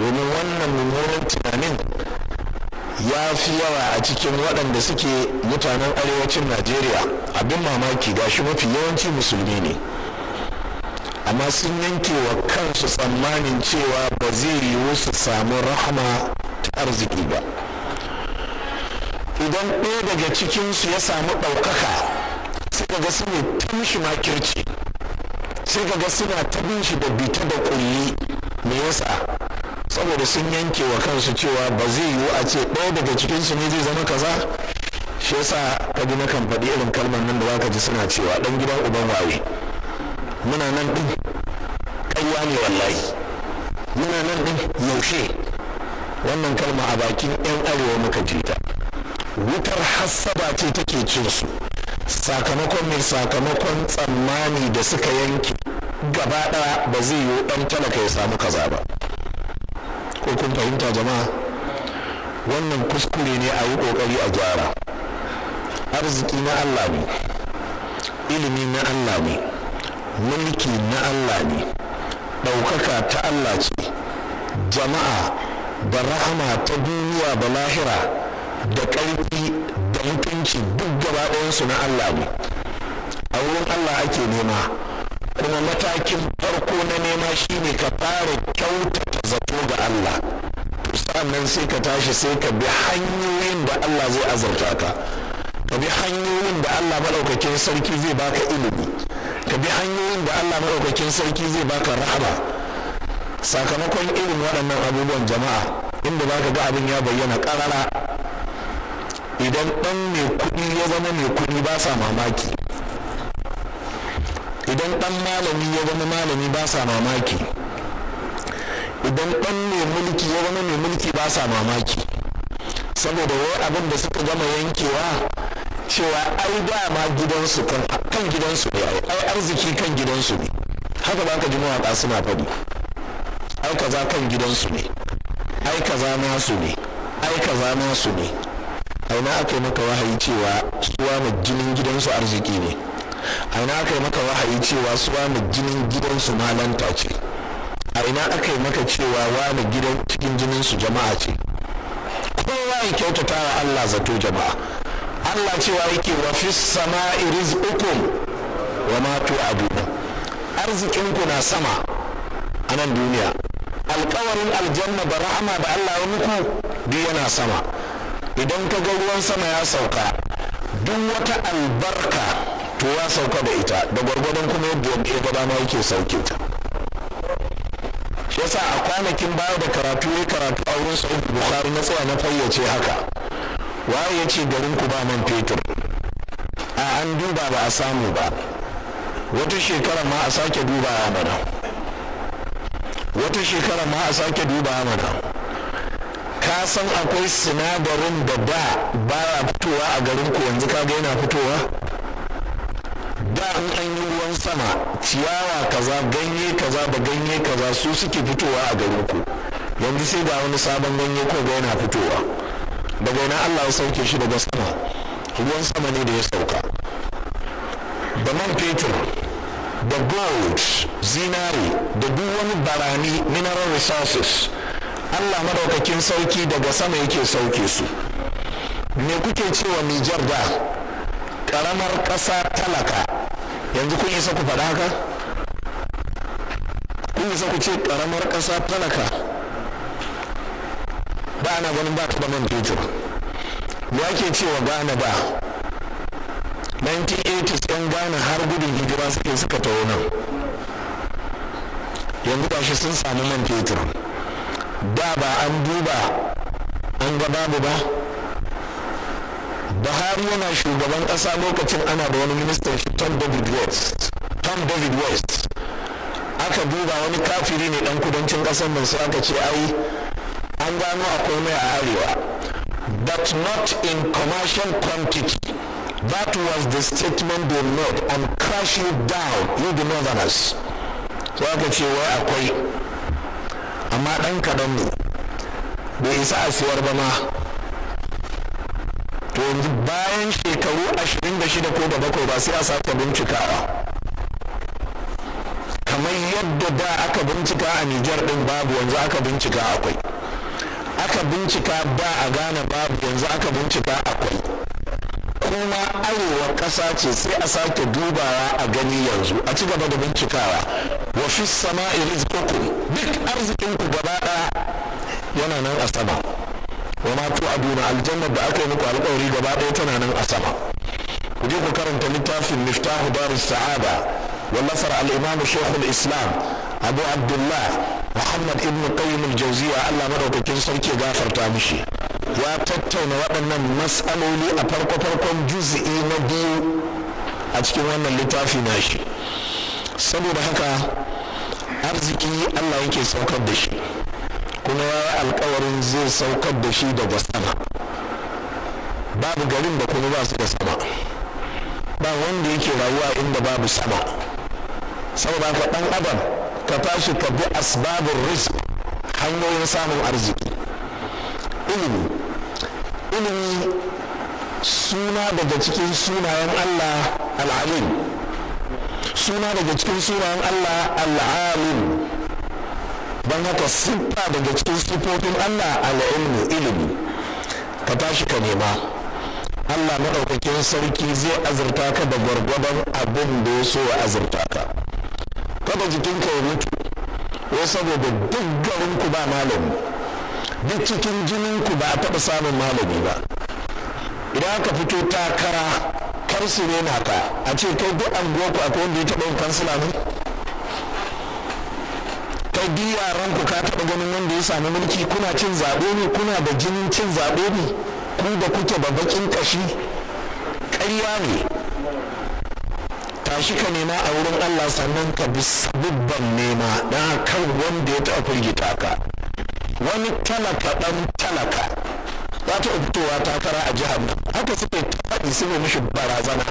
domin wannan mummunan tunanin ya fi yawa a cikin waɗanda suke mutanen arewacin najeriya abin mamaki gashi mafi yawanci musulmi ne amma sun yanke wa kansu tsammanin cewa ba zai yiwu su samu rahama ta arziki ba idan ɗaya daga cikinsu ya samu ɗaukaka suka ga su ne tun shi makirci sai ga suna ta bin shi da bita da kulli me yasa saboda sun yanke wa kansu cewa ba zai yiwu a ce ɗaya daga cikinsu ne zai zama kaza shi yasa ka ji nakan faɗi irin kalmar nan da za ka ji suna cewa ɗan gidan uban waye muna nan ɗin ƙarya ne wallahi muna nan ɗin yaushe wannan kalma a bakin 'yan arewa muka ji ta wutar hassaba ce take cin su sakamakon mai sakamakon tsammani da suka yanke gaba ɗaya ba zai yiwu ɗan talaka ya samu kaza ba ko kun fahimta jama'a wannan kuskure ne a yi ƙoƙari a gyara arziki na allah ne ilimi na allah ne mulki na allah ne ɗaukaka ta allah ce jama'a da rahama ta duniya da lahira da ƙarfi hukunci duk gaba su na Allah ne a wurin Allah ake nema kuma matakin farko na nema shine ka fara kyautata zato ga Allah sannan sai ka tashi sai ka bi hanyoyin da Allah zai azurta ka ka bi hanyoyin da Allah maɗaukakin sarki zai baka ilimi ka bi hanyoyin da Allah maɗaukakin sarki zai baka rahama sakamakon irin waɗannan abubuwan jama'a inda za ka ga abin ya bayyana ƙarara idan ɗan mai kuɗi ya zama mai kuɗi ba sa mamaki idan ɗan malami ya zama malami ba sa mamaki idan ɗan mai mulki ya zama mai mulki ba sa mamaki saboda wai abin da suka gama yankewa cewa ai dama gidansu kan gidansu ne ai arziki kan gidansu ne haka ba ka ji mawaƙa suna faɗi ai kaza kan gidansu ne ai kaza nasu ne ai kaza nasu ne aina aka yi maka wahayi cewa suwa mai jinin gidansu arziki ne aina aka yi maka wahayi cewa suwa mai jinin gidansu malanta ce aina aka yi maka cewa wani gidan cikin jininsu jama'a ce kowa ya kyautata wa Allah zato jama'a Allah cewa yake wa fi sama'i ukun wa ma tu'aduna arzikinku na sama a nan duniya alkawarin aljanna da da Allah ya muku duk yana sama idan ka ga ruwan sama ya sauka duk wata albarka to ya sauka da ita da gwargwadon kuma yadda ya gaba ma yake sauke ta shi yasa a kwanakin baya da karatu ya karatu a wurin sauki bukari na tsaya na fayyace haka waye ya ce garin ku ba man fetur a an duba ba a samu ba wata shekara ma a sake duba ya mana wata shekara ma a sake duba ya mana ka san akwai sinadarin da da ba a fitowa a garin ku yanzu ka ga yana fitowa da in an yi ruwan sama ciyawa kaza ganye kaza da ganye kaza su suke fitowa a garin ku yanzu sai ga wani sabon ganye ko ga yana fitowa daga yana Allah ya sauke shi daga sama ruwan sama ne da ya sauka da man fetur da gold zinari da duk wani barani mineral resources allah madaukakin sauki daga sama yake sauke su me kuke cewa nijar da karamar ƙasa talaka yanzu kun isa ku faɗa haka kun isa ku ce karamar ƙasa talaka da ana ganin ba ta da man fetur me ake cewa gane da 1980s yan gane har gudun hijira suke suka taho nan yanzu ba shi sun sami man fetur da ba an duba an ga babu ba buhari yana shugaban ƙasa lokacin ana da wani ministan shi tom david west tom david west aka duba wani kafiri ne dan kudancin kasar nan sai aka ce ai an gano akwai mai a arewa but not in commercial quantity that was the statement they made and crash you down you the northerners so aka ce wai akwai amma ɗan kaɗan ne bai isa a siyar ba ma to yanzu bayan shekaru ashirin da shida ko da bakwai ba sai a sake bincikawa kamar yadda da aka bincika a nijar ɗin babu yanzu aka bincika akwai aka bincika ba a gane babu yanzu aka bincika akwai kuma arewa ƙasa ce sai a sake dubawa a gani yanzu a ci gaba da bincikawa wa fi sama'i rizqukum duk arzikin ku gaba daya yana nan a sama wa ma tu'aduna aljannar da aka yi muku alƙawari gaba daya tana nan a sama ku je ku karanta littafin miftahu darus sa'ada wallafar al-imam shaykhul islam abu abdullah muhammad ibn qayyim al-jawziya allah madaukakin sarki gafarta mishi ya tattauna waɗannan mas'aloli a farko-farkon juz'i na biyu a cikin wannan littafi shi saboda haka arziki Allah yake saukar da shi kuma alkawarin zai saukar da shi daga sama babu garin da kuma ba su da sama ba wanda yake rayuwa inda babu sama saboda haka dan adam ka tashi ka bi asbabin risk hanyoyin samun arziki ilimi ilimi suna daga cikin sunayen Allah al'alim suna daga cikin sunan Allah al'alim don haka siffa daga cikin siffofin Allah al'ilmi, ilimi ka tashi ka nema Allah maɗaukakin sarki zai azurta ka da gwargwadon abin da ya so azurta ka kada jikinka ya mutu wai saboda duk ku ba malami duk cikin jinin ku ba a taɓa samun malami ba idan ka fito takara kar ne na ka a ce kai duk an goku akwai wanda ya taɓa yin kansila ne kai duk yaran ku ka taɓa ganin wanda ya sami mulki kuna cin zaɓe ne kuna da jinin cin zaɓe ne ku da kuke da baƙin ƙashi ƙarya ne tashi ka nema a wurin Allah sannan ka bi sabubban nema don kan wanda ya taɓa firgita ka wani talaka ɗan talaka ya fitowa ta takara a jihar nan haka suka yi faɗi suka mishi barazana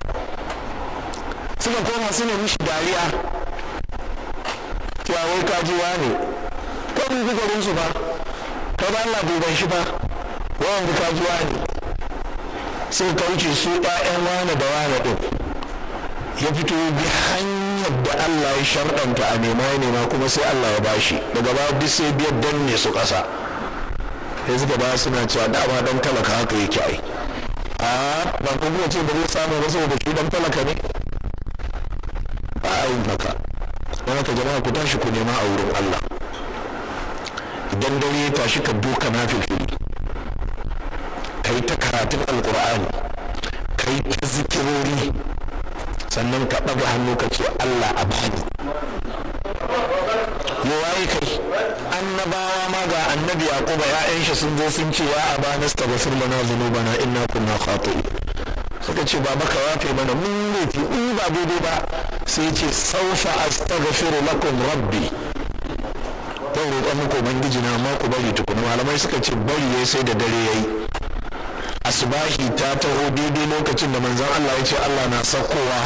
suka koma suna mishi dariya ya wai kajiwa ne ko mun fi garin su ba ka ba Allah bai shi ba wawan fi kajiwa ne sai ka su ɗayan wane da wane ɗin ya fito bi hanyar da Allah ya sharɗanta a nema ya nema kuma sai Allah ya bashi daga ba duk sai biyar danne su ƙasa sai suka ba na cewa dama dan talaka haka yake ai a ba ku kuma ce ba zai samu ba saboda shi dan talaka ne ba a yin haka don haka jama'a ku tashi ku nema a wurin Allah idan dare ya tashi ka duka na filfili ka yi ta karatun alkur'ani ka yi ta zikirori sannan ka ɗaga hannu ka ce Allah a bani waye kai annabawa ma ga annabi yaquba ya'yan shi sun zo sun ce ya abana astaghfir lana dhunubana inna kunna khati'in suka ce baba ka wafe mana mun laifi in ba daidai ba sai ce saufa astaghfiru lakum rabbi zan roƙa muku ubangiji na ma ku bari tukuna malamai suka ce bari yayi sai da dare yayi asubahi ta taho daidai lokacin da manzan Allah ya ce Allah na saukowa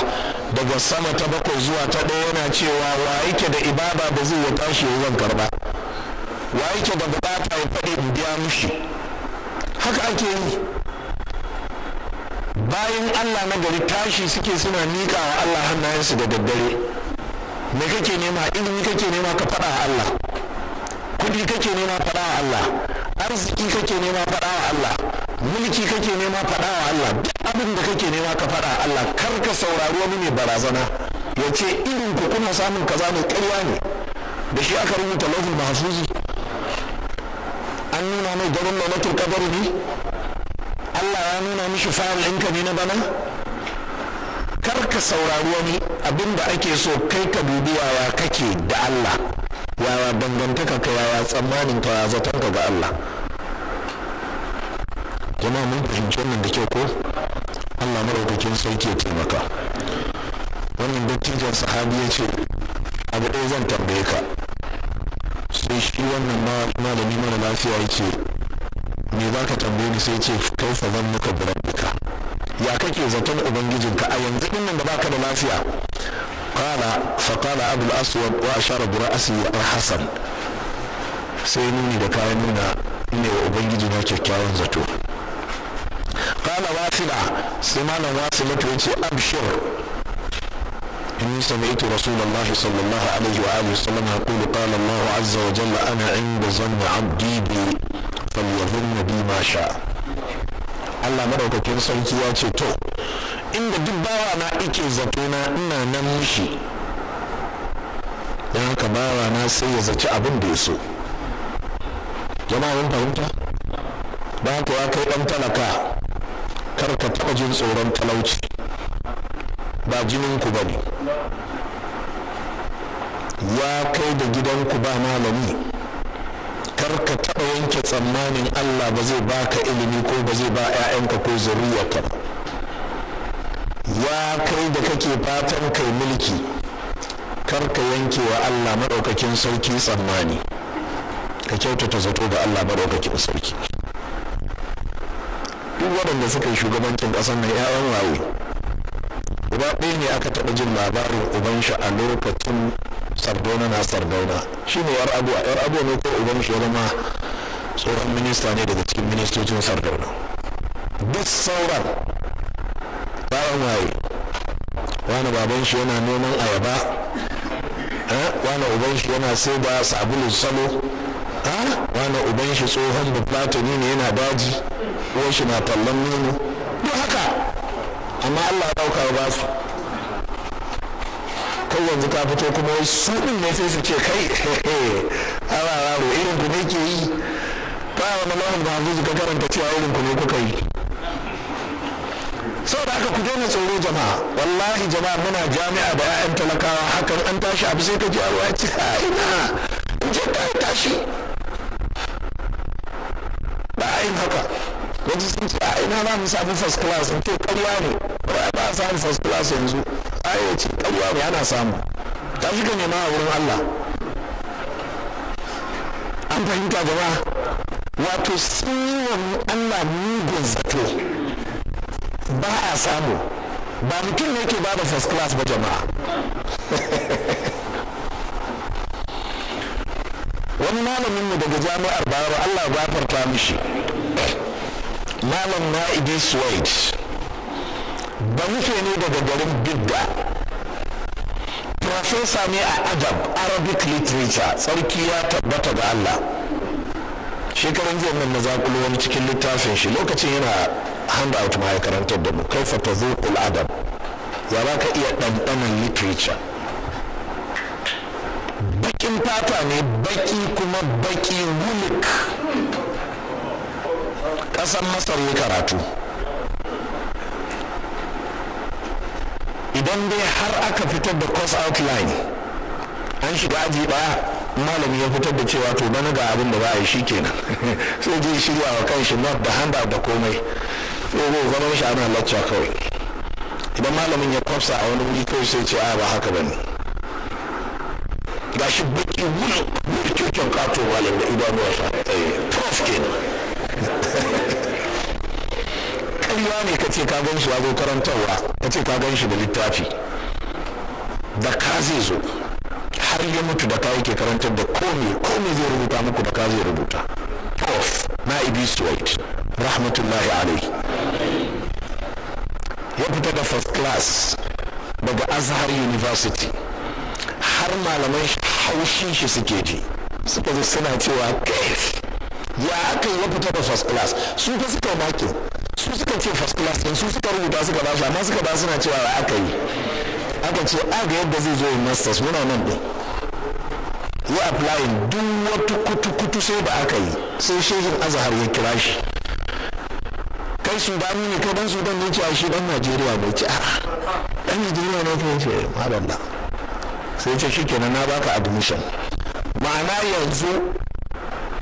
daga sama ta bakwai zuwa ta ɗaya yana cewa wa yake da ibada da zai ya tashi ya zan karba wa yake da bukata ya faɗi in biya mushi haka ake yi bayan Allah na gari tashi suke suna miƙa a Allah hannayensu da daddare me kake nema ilimi kake nema ka faɗa wa Allah kuɗi kake nema faɗa wa Allah arziki kake nema faɗa wa Allah mulki kake nema faɗa wa Allah duk abin da kake nema ka faɗa Allah kar ka saurari wani mai barazana ya ce irin ku kuna samun kaza ne ƙarya ne da shi aka rubuta lafin mahasuzi an nuna mai garin lalatul qadari ne Allah ya nuna mishi fara ɗinka ne na bana kar ka saurari wani abin da ake so kai ka dubi yaya kake da Allah yaya dangantaka ka yaya tsammanin ka yaya zaton ka ga Allah jama'a mun fahimci wannan da kyau ko Allah maraukakin sarki ya taimaka wannan dattijan sahabi ya ce abu ɗaya zan tambaye ka sai shi wannan malami mara lafiya ya ce me za ka tambaye ni sai ce kai fa zan muka birabbika ya kake zaton ubangijinka a yanzu ɗin nan da baka da lafiya qala fa qala abul aswad wa ashara bi al-hasan sai nuni da kayan nuna ne wa ubangiji na kyakkyawan zato kala wasila sai malam wasila to yace abshir إني سمعت رسول الله صلى الله عليه وآله وسلم يقول قال الله عز وجل أنا عند ظن عبدي بي فليظن بي ما شاء Allah madaukakin sarki ya ce to inda duk bawa na ike zatona ina nan mushi ya haka bawa na sai ya zaci abin da ya so jama'a mun fahimta ba ka ya kai dan talaka kar ka taɓa jin tsoron talauci ba jininku ba ne ya kai da gidanku ba malami kar ka taɓa yanke tsammanin allah ba zai baka ilimi ko ba zai ba 'ya'yanka ko zuriyarka ba ya kai da kake fatan kai mulki kar ka yanke wa allah maɗaukakin sauki tsammani ka kyautata zato ga allah maɗaukakin sauki duk waɗanda suka yi shugabancin ƙasar na 'ya'yan waye uba ɗaya ne aka taɓa jin labarin uban shi a lokacin sardauna na sardauna shi ne yar abuwa yar abuwa ne ko uban shi ya zama tsohon minista ne daga cikin ministocin sardauna duk sauran bayan waye wani baban shi yana noman ayaba wani uban shi yana sai da sabulun salo wani uban shi tsohon bafulatani ne yana daji uwar shi na tallan nono duk haka amma Allah ya dauka ba su kai yanzu ta fito kuma su din ne sai su ce kai ara raro irin ku ne ke yi ba wani lawan ba zuzu ka karanta cewa irin ku ne kuka yi Sau da haka ku daina tsoro jama'a wallahi jama'a muna jami'a da 'ya'yan talakawa hakan an tashi abu sai ka ji a ce a ina in je ta tashi ba a yin haka wajen sun ce a ina za mu samu first class ke karya ne ba ba a samu first class yanzu ayo ce karya ne ana samu ta fi ka nema a wurin Allah an fahimta gaba wato sun Allah mugun zato ba a samu ba mutum ne ke ba da first class ba jama'a wani malamin mu daga jami'ar bayero allah gafarta mishi malam idin suwaid ba nufe ne daga garin bidda profesa ne a adab arabic literature tsarki ya tabbata da allah shekaran jiya nan na zakulo wani cikin littafin shi lokacin yana hand out ma karantar da mu fata tazuqul adab ya za ka iya ɗanɗanon literature bakin fata ne baki kuma baki wulik kasan masar ya karatu idan dai har aka fitar da course outline an shiga aji ɗaya malami ya fitar da cewa to bana ga abin da ba a yi shi kenan sai je shirya wa kanshi not da handa da komai sai zai zama shi ana lacca kawai idan malamin ya kwafsa a wani wuri kawai sai ce a ba haka bane gashi baki wuri kyakkyan kato malam da idanuwa sa eh, prof kenan ƙarya ne ka ce ka gan shi wago karantarwa ka ce ka gan shi da littafi da ka zai zo har ya mutu da ka yake karantar da komi komi zai rubuta muku da ka zai rubuta of na ibi suwait rahmatullahi alai ya fita da first class daga azhar university har malaman haushin shi suke ji suka zo suna cewa ya aka yi ya fita da first class su ka suka makin su suka ce first class din su suka rubuta suka ba shi amma suka ba suna cewa aka yi aka ce a ga yadda zai zo masters muna nan din yi applying duk wata kutu-kutu sai da aka yi sai shehin azahar ya kira shi kai su ba ne kai dan sudan ne ce a shi dan najeriya bai ce a'a dan najeriya ne ke ce madalla sai ce shikenan na baka admission ma'ana yanzu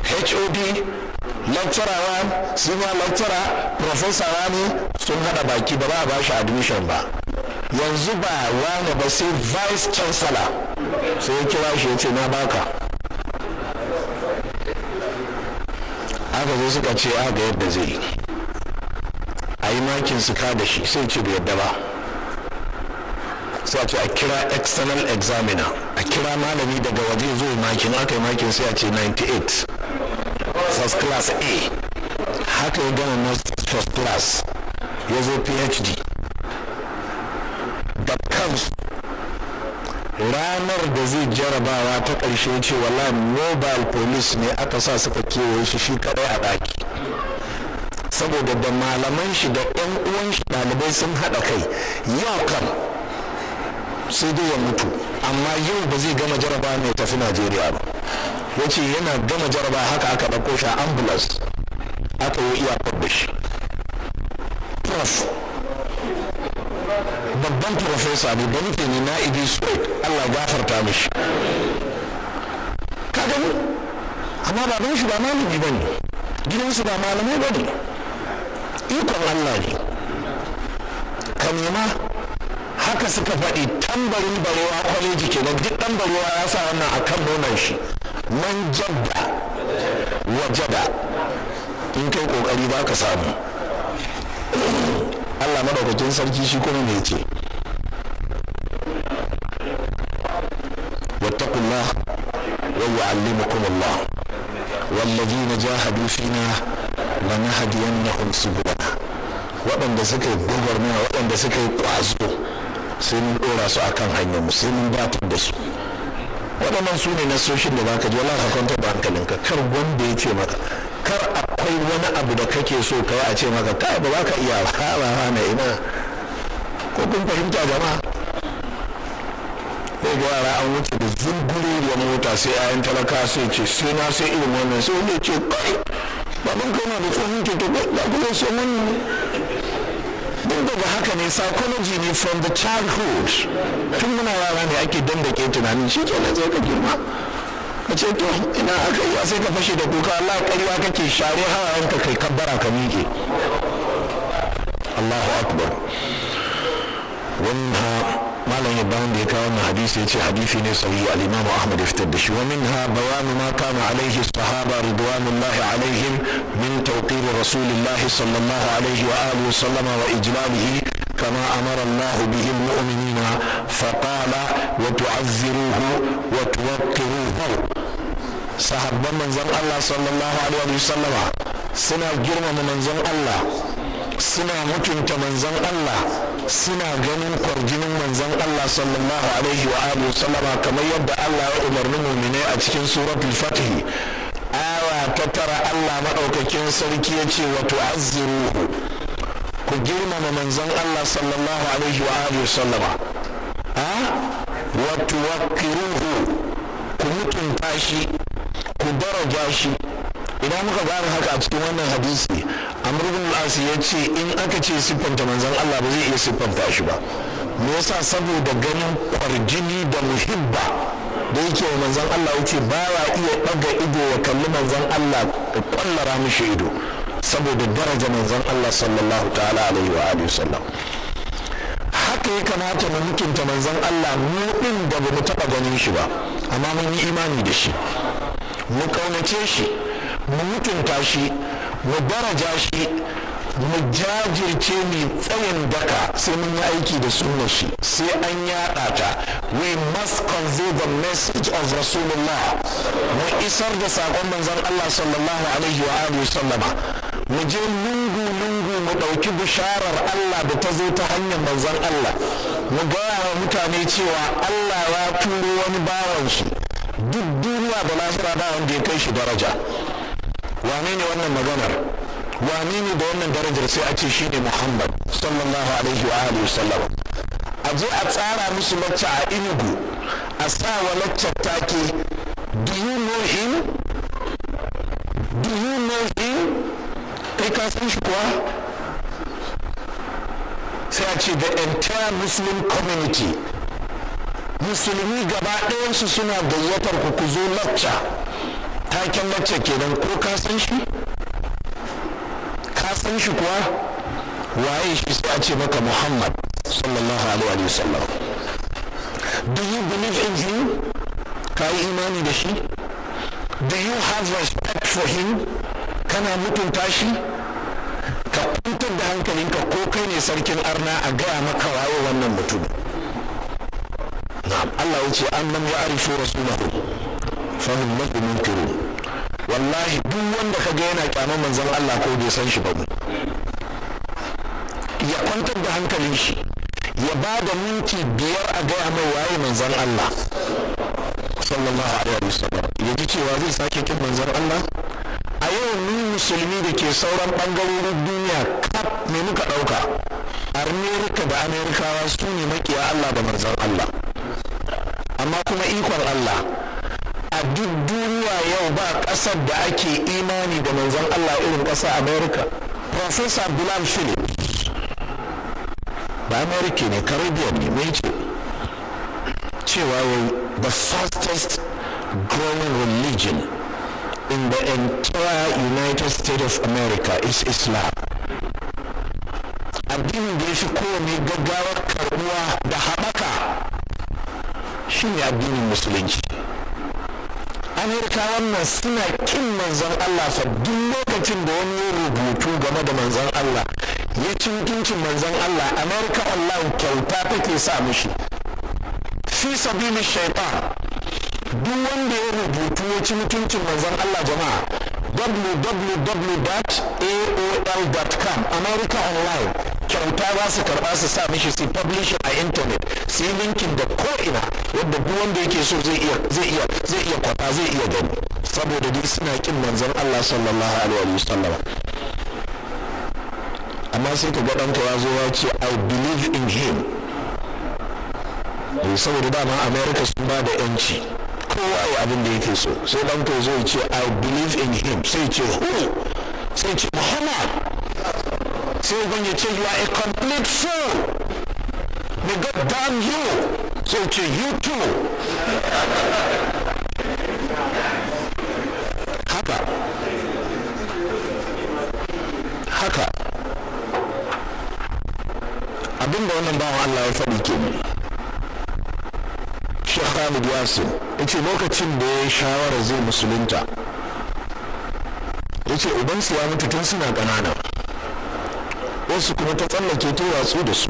hod lecturer su ma lecturer professor ne sun hada baki ba ba a bashi admission ba yanzu ba wani ba sai vice chancellor sai ya kira shi ya ce na baka aka zo suka ce aga yadda zai yi a yi makin su ka da shi sai ce bai yadda ba sai a ce a kira external examiner a kira malami daga waje zo makin aka yi makin sai a ce 98 class a haka ya gama masters class ya zo phd da kansu ranar da zai jarabawa ta ƙarshe ce wala mobile police ne aka sa suka kewaye shi shi kadai a ɗaki saboda da malaman shi da 'yan uwan shi ɗalibai sun haɗa kai yau kan sai dai ya mutu amma yau ba zai gama jarabawa mai tafi najeriya ba ya ce yana gama jaraba haka aka ɗauko shi a ambulance aka yi iya da shi prof babban profesa ne banke ne na ibi suwaid allah gafarta mishi ka gani amma ba don shi ba malami ba ne gidansu ba malamai ba ne ikon allah ne ka nema haka suka faɗi tambarin barewa kwaleji kenan duk ɗan barewa ya sa wannan a kan nonon shi man jadda wajada in kai kokari ba ka samu allah madaukakin sarki shi kuma ne ce wattaqullah wa yu'allimukum allah na jahadu fina lanahdiyannahum subulana waɗanda suka yi gwagwarmaya waɗanda suka yi ƙwazo sai mun ɗora su kan hanyar mu sai mun batar da su waɗannan su ne nasoshin da baka ji wala ka kwantar da hankalinka kar wanda ya ce maka kar akwai wani abu da kake so ka a ce maka kai ba za ka iya fara hana ina ko kun fahimta jama'a ko ga yara an wuce da da mota sai ayan talaka sai ce sai na sai irin wannan sai wani ce kai baban kai na da tsohon ke to ba kuma sai ne. daga haka ne psychology ne from the childhood tun muna yara ne ake dandake tunanin shi kenan zai ka girma ka ce to ina aka yi sai ka fashe da kuka Allah kariwa kake share hawayen ka kai kabbara ka miƙe Allahu akbar wannan malam ibrahim da ya kawo wannan hadisi ya ce hadisi ne sahihi al-imam ahmad ya fitar da shi wa minha bawanu ma kana alaihi sahaba ridwanullahi alaihim min tawqir rasulillah sallallahu alaihi wa alihi wa sallama wa ijlalihi كما أمر الله به المؤمنين فقال وتعذروه وتوقروه صحابة من زن الله صلى الله عليه وسلم سنة جرم من زن الله سنة متنت من زن الله suna ganin kwarjinin manzon Allah sallallahu alaihi wa alihi sallama kamar yadda Allah ya umarni ne a cikin suratul fatih awa ta tara Allah madaukakin sarki ya ce wa tu'azziruhu ku girmama manzon Allah sallallahu alaihi wa alihi sallama ha wa tuwaqqiruhu ku mutunta shi ku daraja shi idan muka gane haka a cikin wannan hadisi amr ibn al ya ce in aka ce siffanta manzon Allah ba zai iya siffanta shi ba me yasa saboda ganin kwarjini da muhibba da yake wa manzon Allah wuce ba ya iya daga ido ya kalli manzon Allah ya kwallara mishi ido saboda daraja manzon Allah sallallahu ta'ala alaihi wa alihi sallam. haka ya kamata mu mutunta manzon Allah mu din da ba mu taba ganin shi ba amma mun yi imani da shi mu kaunace shi mu mutunta shi mu daraja shi mu jajirce mai tsayin daka sai mun yi aiki da sunna shi sai an yaɗa ta we must convey the message of rasulullah mu isar da sakon manzon allah sallallahu alaihi wa alihi sallama mu je lungu lungu mu ɗauki bisharar allah da ta zo ta hanyar manzon allah mu gaya mutane cewa allah ya turo wani bawan shi duk duniya da lafiya ba wanda ya kai shi daraja wane ne wannan maganar wane ne da wannan darajar sai a ce shi ne muhammad sallallahu alaihi wa alihi sallam a je a tsara musu lacca a inugu a sa wa laccar take do you know him do you know him kai ka san shi kuwa sai a ce the entire muslim community musulmi gaba su suna gayyatar ku ku zo lacca taken lacce kenan ko ka san shi ka san shi kuwa waye shi sai a ce maka muhammad sallallahu alaihi wa sallam do you believe in him ka yi imani da shi do you have respect for him kana mutunta shi ka kuntar da hankalinka ko kai ne sarkin arna a gaya maka waye wannan mutum na'am Allah ya ce an nan ya arifu rasulahu fahimmatu lahu munkirun wallahi duk wanda ka ga yana kyamar manzon Allah ko bai san shi ba mu ya kwantar da hankalin shi ya ba da minti biyar a gaya mai waye manzon Allah sallallahu alaihi wasallam ya ji cewa zai sake kin manzon Allah a yau ni musulmi da ke sauran bangarorin duniya kaf me muka dauka amerika da amerikawa su ne makiya Allah da manzon Allah amma kuma ikon Allah duk duniya yau ba ƙasar da ake imani da manzon Allah irin ƙasa America Professor Bilal Phillips ba America ne Caribbean ne mai ce cewa yau the fastest growing religion in the entire United States of America is Islam addinin da ya fi kowane gaggawar karbuwa da haɓaka shi ne addinin musulunci amurkawan nan suna kin manzon allah fa duk lokacin da wani ya rubutu game da manzon allah ya cin mutuncin manzon allah amurka allah kyauta take sa mishi fi sabili shaita duk wanda ya rubutu ya cin mutuncin manzon allah jama'a www.aol.com amurka online kyauta za su karba su sa mishi su publish a internet su yi linkin da ko'ina yadda duk wanda yake so zai iya zai iya zai iya kwata zai iya gani saboda duk suna kin manzon Allah sallallahu alaihi wasallam amma sai ka ga ɗanka ya zo ya ce I believe in him eh, saboda dama America sun ba da yanci kowa ya abin da yake so sai dan ya zo ya ce I believe in him sai ce who sai ce Muhammad sai uban ya ce you are a complete fool may god damn you sai ce you too haka haka abinda wannan bawan Allah ya faɗi ke Sheikh Khalid Yasin ya ce lokacin da ya yi shawarar zai musulunta ya ce ubansu ya mutu tun suna ƙanana wasu kuma ta tsallake ta watsu da su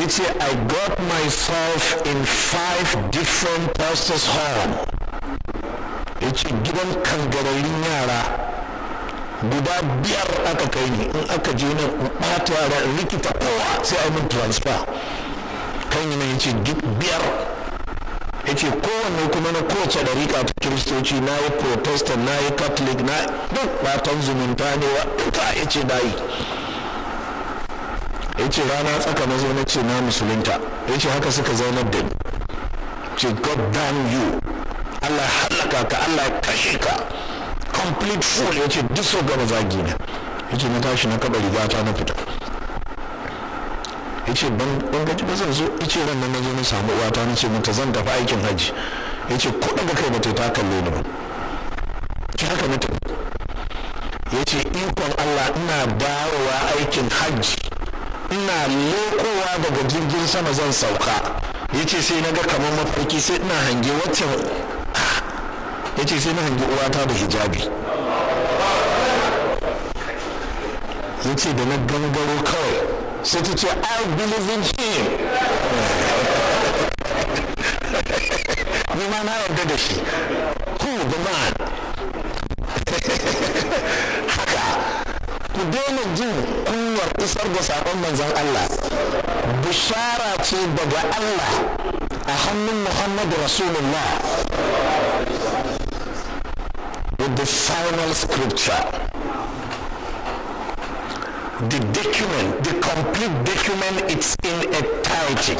yace i got myself in five different pastors home yace gidan kangararin yara guda biyar aka kai ni in aka je na in ɓata rikita kowa sai a mun transfer kan yi yace duk biyar ya ce kowanne kuma na kowace ɗariƙa ta kiristoci na yi protestant na yi catholic na duk batan zumunta ne wa duka ya ce dayi yi ya ce rana tsaka na zo na ce na musulunta ya ce haka suka zaunar da ni ce god damn you allah halaka ka allah kashe ka complete fool ya ce duk so zagi ne ya ce na tashi na kaba rigata na fita yace ban ban gaji ba zan zo yace ran nan naje na samu uwata nace mata zan tafi aikin hajji yace ko daga kai ba ta kalle ni ba ki haka mutum yace ikon Allah ina dawowa aikin hajji ina lokowa daga jirgin sama zan sauka yace sai na ga kamar mafarki sai ina hange waccan yace sai na hange uwata da hijabi yace da na gangaro kawai sai ta ce I believe in him ni ma na yarda da shi who the man haka ku daina jin kunyar isar da sakon manzon Allah bishara ce daga Allah a hannun Muhammadu Rasulullah with the final scripture the document, the complete document, it's in a Shi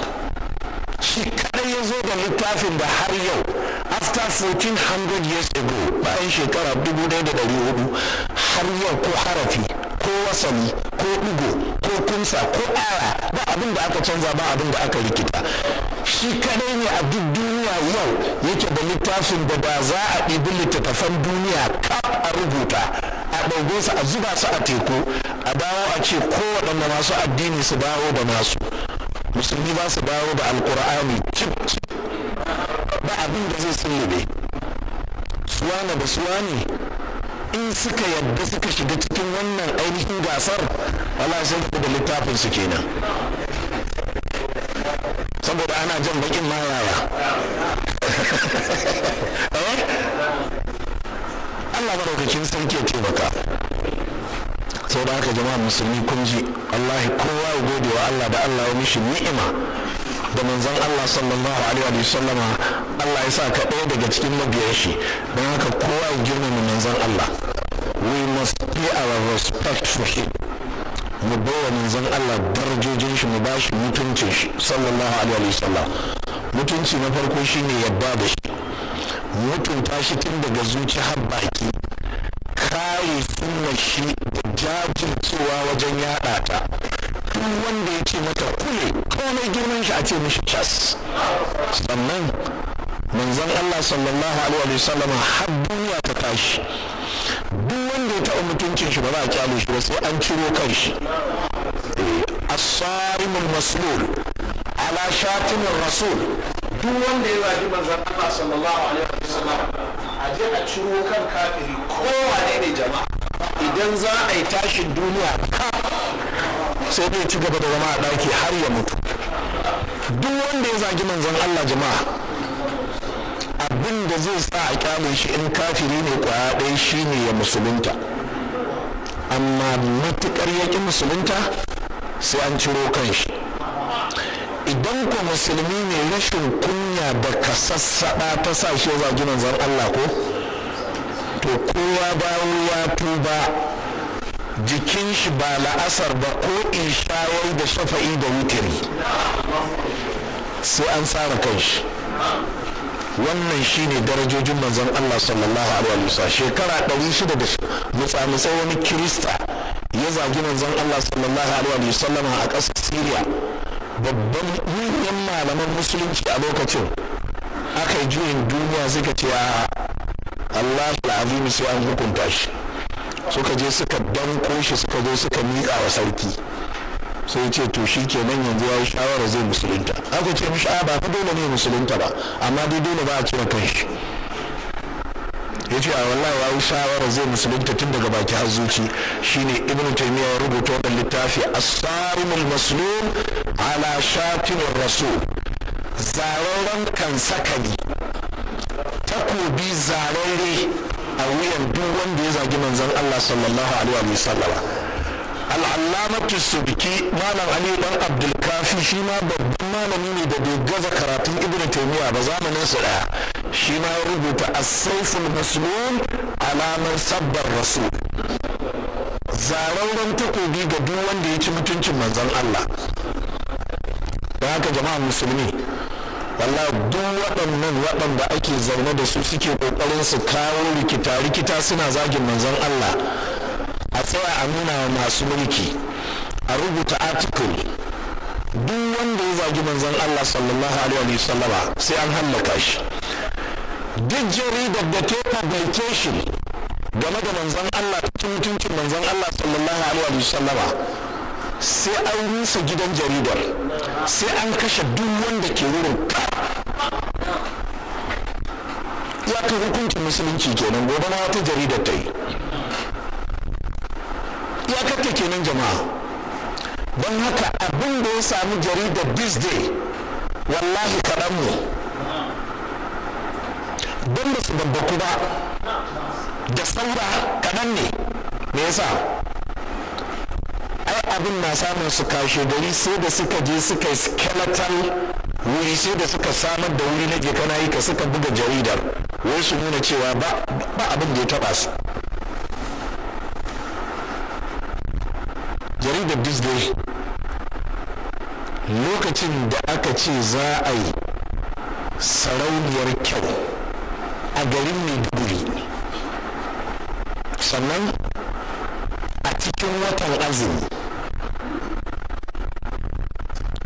She ya zo da littafin da har yau, after 1400 years ago, bayan shekara 1400 har yau ko harafi, ko wasani ko ugo ko kunsa, ko ara, ba abin da aka canza ba abinda da aka rikita. Shi kadai ne a duk duniya yau yake da littafin da ba za a ɗibi littattafan duniya kaf a rubuta, a ɗauke su a zuba su a teku, a dawo a ce waɗanda masu addini su dawo da nasu musulmi ba su dawo da alkur'ani cip ba abin da zai lube suwane da suwane in suka yadda suka shiga cikin wannan ainihin gasar Allah sun da littafin su kenan saboda ana jan bakin ma yaya eh? Allah madaukakin sarki ya taimaka sau da aka jama'a musulmi kun ji Allah kowa ya gode wa Allah da Allah ya mishi ni'ima da manzon Allah sallallahu alaihi wa sallama Allah ya sa ka ɗaya daga cikin mabiyan shi don haka kowa ya girmama manzon Allah we must pay our respect for him mu bawa manzon Allah darajojin shi mu bashi mutuncin shi sallallahu alaihi wa sallam mutunci na farko shine yadda da shi mutunta shi tun daga zuci har baki kare sunna shi jajircewa wajen yaɗa ta duk wanda ya ce mata kule komai girman shi a ce mishi cas sannan manzan Allah sallallahu alaihi wa sallama har duniya ta tashi duk wanda ya taɓa mutuncin shi ba za a kyale shi ba sai an ciro kan shi eh, asarimul maslul ala shatimin rasul duk wanda ya wadi manzan Allah sallallahu alaihi wa sallama a je a ciro kan kafiri kowa ne ne jama'a idan za a yi tashin duniya sai dai ci gaba da zama a ɗaki har ya mutu duk wanda ya zagi manzon Allah jama'a abin da zai sa a kyamun shi in kafiri ne kwaya ɗaya shine ya musulunta amma matuƙar yaƙi musulunta sai an ciro kan shi idan ku musulmi ne rashin kunya da kasassaɗa ta sa shi zagi manzon Allah ko to kowa bayan ya tuba jikin shi ba la'asar ba ko ishawar da shafa'i da wutiri sai an tsara kan shi wannan shine darajojin manzon Allah sallallahu alaihi wasallam shekara 600 da mutsamitsai wani kirista ya zagi manzon Allah sallallahu alaihi wasallam a ƙasar Syria babban yin malaman musulunci a lokacin aka yi juyin duniya suka ce a Allah al'azim sai an hukunta shi suka je suka dan shi suka zo suka miƙa wa sarki sai ce to shi kenan yanzu ya yi shawara zai musulunta aka ce mishi a ba fa dole ne musulunta ba amma dai dole ba a cire kanshi ya ce a wallahi ya yi shawara zai musulunta tun daga baki har zuci shine ibnu taymiya ya rubuta wannan littafi as-sarimul maslum ala shatinir rasul zararren kan sakali takobi zararre a wuyan duk wanda ya zagi manzon Allah sallallahu alaihi wa sallama malam ali dan abdul kafi shi ma babban malami ne da bai gaza karatun ibnu taymiya ba zamanin su daya shi ma ya rubuta as-sayful alamar ala man sabbar rasul zararren takobi ga duk wanda ya ci mutuncin manzon Allah da haka jama'a musulmi wallahi duk waɗannan waɗanda ake zaune da su suke ƙoƙarin su kawo rikita rikita suna zagin manzon Allah a tsaya a nuna wa masu mulki a rubuta article duk wanda ya zagi manzon Allah sallallahu alaihi wa sallama sai an hallaka shi duk jaridar da ta publication game da manzon Allah cikin mutuncin manzon Allah sallallahu alaihi wa sallama sai an rusa gidan jaridar sai an kashe duk wanda ke wurin ya kai hukuncin musulunci kenan gobe na wata jaridar ta yi ya kake kenan jama'a don haka abin da ya samu jaridar this day wallahi kaɗan ne don ba su babbaku ba da saura kaɗan ne me yasa ai abin na samun su kashe gari sai da suka je suka yi skeletal wuri sai da suka samar da wuri na je kana yi ka suka buga jaridar wai su nuna cewa ba abin da ya taba su jaridar disney lokacin da aka ce za a yi sarauniyar kyau a garin maiduguri sannan a cikin watan azumi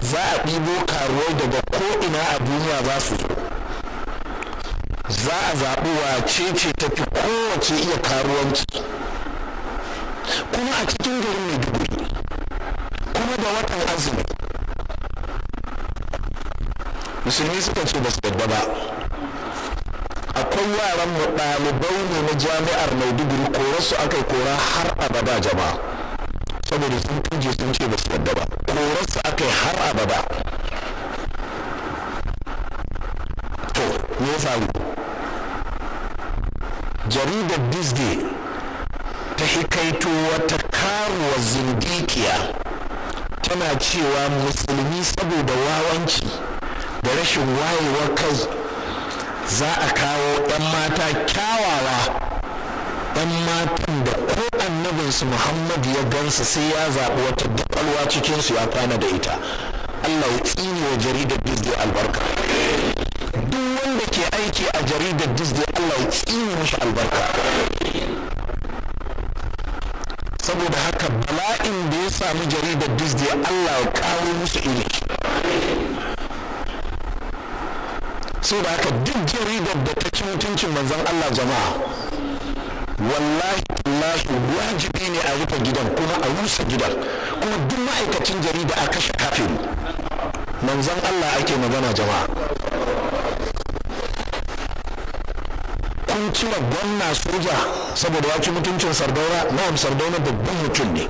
za a ɗibo karuwai daga ko'ina a duniya za su zo za a zaɓi wace ce fi kowace iya karuwanci kuma a cikin garin maiduguri kuma da watan azumi musulmi suka ce ba su yadda ba akwai yaran mu ɗalibai ne na jami'ar maiduguri kora su aka yi kora har abada jama'a saboda sun kuje sun ce ba su yadda ba kora su aka yi har abada to me faru jaridar disney ta hikaito wata karuwa zindikiya tana cewa musulmi saboda wawanci da rashin wayewar kai za a kawo 'yan mata kyawawa 'yan matan da ko annabinsu muhammadu ya gansu sai ya zaɓi wata daɓalwa cikinsu ya kwana da ita allah ya tsini wa jaridar disney albarka aiki a jaridar disney allah ya tsini mashi albarka saboda haka bala'in da ya samu jaridar disney allah ya kawo musu iri saboda haka duk jaridar da ta ci mutuncin manzan allah jama'a wallahi wallahi wajibi ne a rufe gidan kuma a rusa gidan kuma duk ma'aikacin jarida a kashe kafin manzan allah ake magana jama'a kun cire gwamna soja saboda ya ci mutuncin sardauna na'am sardauna babban mutum ne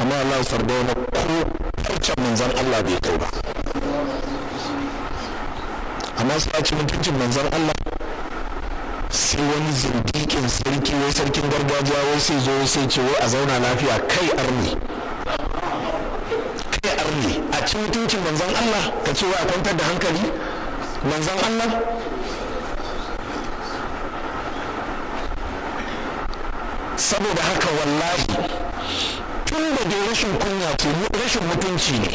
amma Allah sardauna ko farcen manzan Allah bai kai ba amma su ya ci mutuncin manzan Allah sai wani zindikin sarki wai sarkin gargajiya wai sai zo sai ce wai a zauna lafiya kai arni kai arni a ci mutuncin manzan Allah ka ce wai a kwantar da hankali manzan Allah saboda haka wallahi tun da dai rashin kunya ce rashin mutunci ne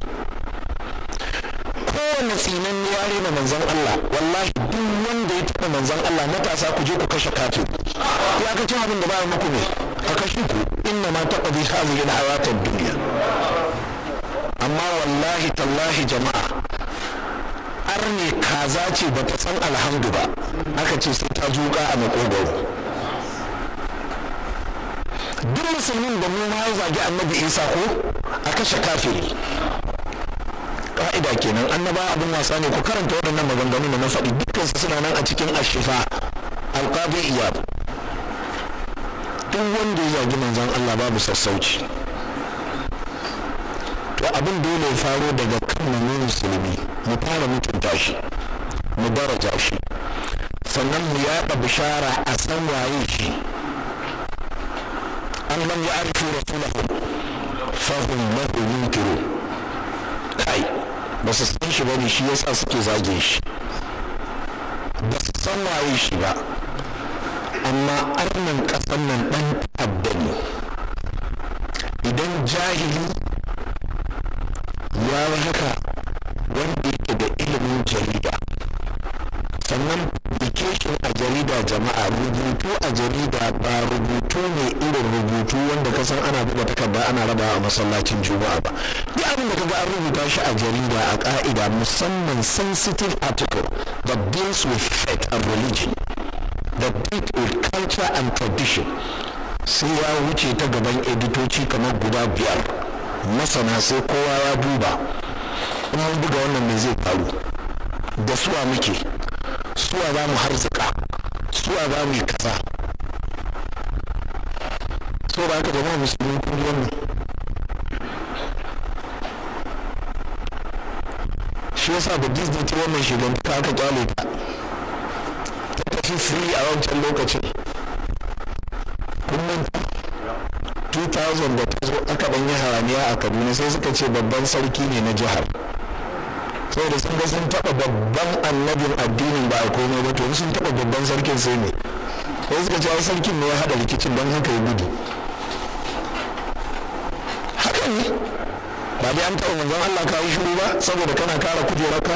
kowane tsinan yare na manzan Allah wallahi duk wanda ya taɓa manzan Allah matasa ku je ku kashe kafin ya ga cin abin da ba muku ne a kashe ku inna ma taqdi hadhihi na hayatad duniya amma wallahi tallahi jama'a arne kaza ce ba ta san alhamdu ba aka ce sai ta zuƙa a makogoro duk musulmin da mu ma ya zagi annabi isa ko a kashe kafiri ka'ida kenan annaba abin wasa ne ku karanta waɗannan maganganu da na faɗi dukkansu suna nan a cikin ashifa alƙabi iya duk wanda ya zagi manzon Allah babu sassauci to abin dole ya faro daga kan mu musulmi mu fara mutunta shi mu daraja shi sannan mu yaɗa bishara a san waye shi an lam ya'rifu rasulahu fahum lahu munkiru kai ba su san shi bane shi yasa suke zage shi ba su san waye shi ba amma arnin kasan nan dan abdani ne idan jahili ya haka wanda yake da ilimin jarida sannan shi a jarida jama'a rubutu a jarida ba rubutu ne irin rubutu wanda kasan ana buga takarda ana raba a masallacin juma'a ba duk abin da kaga an rubuta shi a jarida a ka'ida musamman sensitive article that deals with faith and religion that deals with culture and tradition sai ya wuce ta gaban editoci kamar guda biyar masana sai kowa ya duba in mun buga wannan mai zai faru da suwa muke suwa za mu harzuka suwa za mu yi kasa so ba ka jama'a musulmi kun yi wannan shi yasa da disney ta wannan ta aka kyale ta ta tafi free a wancan lokacin kullum 2000 da ta zo aka ɗanyi yi haramiya a kaduna sai suka ce babban sarki ne na jihar saboda sun ga sun taɓa babban annabin addinin ba a komai ba to sun taɓa babban sarkin sai ne sai suka ce sarkin ne ya haɗa rikicin don haka ya gudu haka ne ba dai an taɓa manzon Allah kawo shiru ba saboda kana kara kujerarka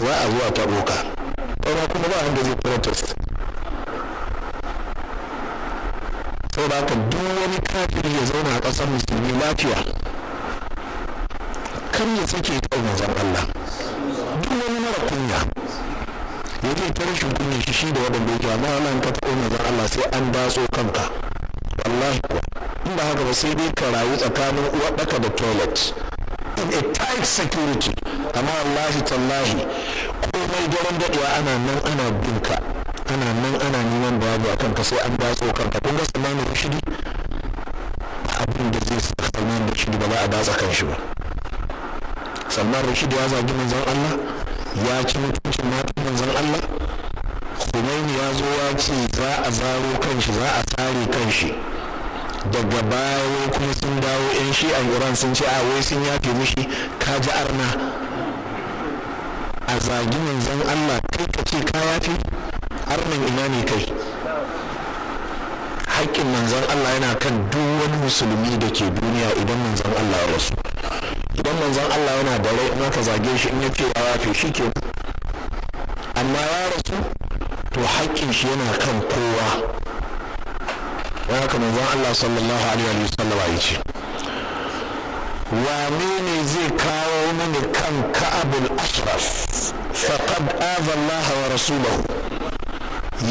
za a zuwa taɓo ka kuma kuma ba wanda zai protest saboda haka duk wani kafin ya zauna a ƙasar musulmi lafiya kar ya sake ya taɓa manzon Allah duk wani mara kunya ya je ta rashin kunya shi shi da waɗanda yake amma ana ka taɓa manzon Allah sai an datso kanka wallahi in ba haka ba sai dai ka rayu tsakanin uwaɗaka da toilet in a tight security amma wallahi tallahi komai daren daɗewa ana nan ana binka ana nan ana neman yabo a kanka sai an datso kanka kun ga salmanin rushidi abin da zai salmanin rushidi ba za a datsa kan shi ba salman rashid ya zagi manzon allah ya ci mutuncin matan manzon allah kumaini ya zo ya ce za a zaro kanshi za a tsare kanshi daga baya kuma sun dawo yan a iran sun ce a wai sun yafe mushi kaji arna a zagi manzon allah kai ka ce ka yafe arnan ina ne kai haƙƙin manzon allah yana kan duk wani musulmi da ke duniya idan manzon allah ya rasu don manzan Allah yana da rai in aka zage shi in ya ce ya shi ke amma ya rasu to haƙƙin shi yana kan kowa ya haka manzan Allah sallallahu alaihi wa sallam ya ce wa ne zai kawo mini kan ka'abul ashraf faqad aza Allah wa rasulahu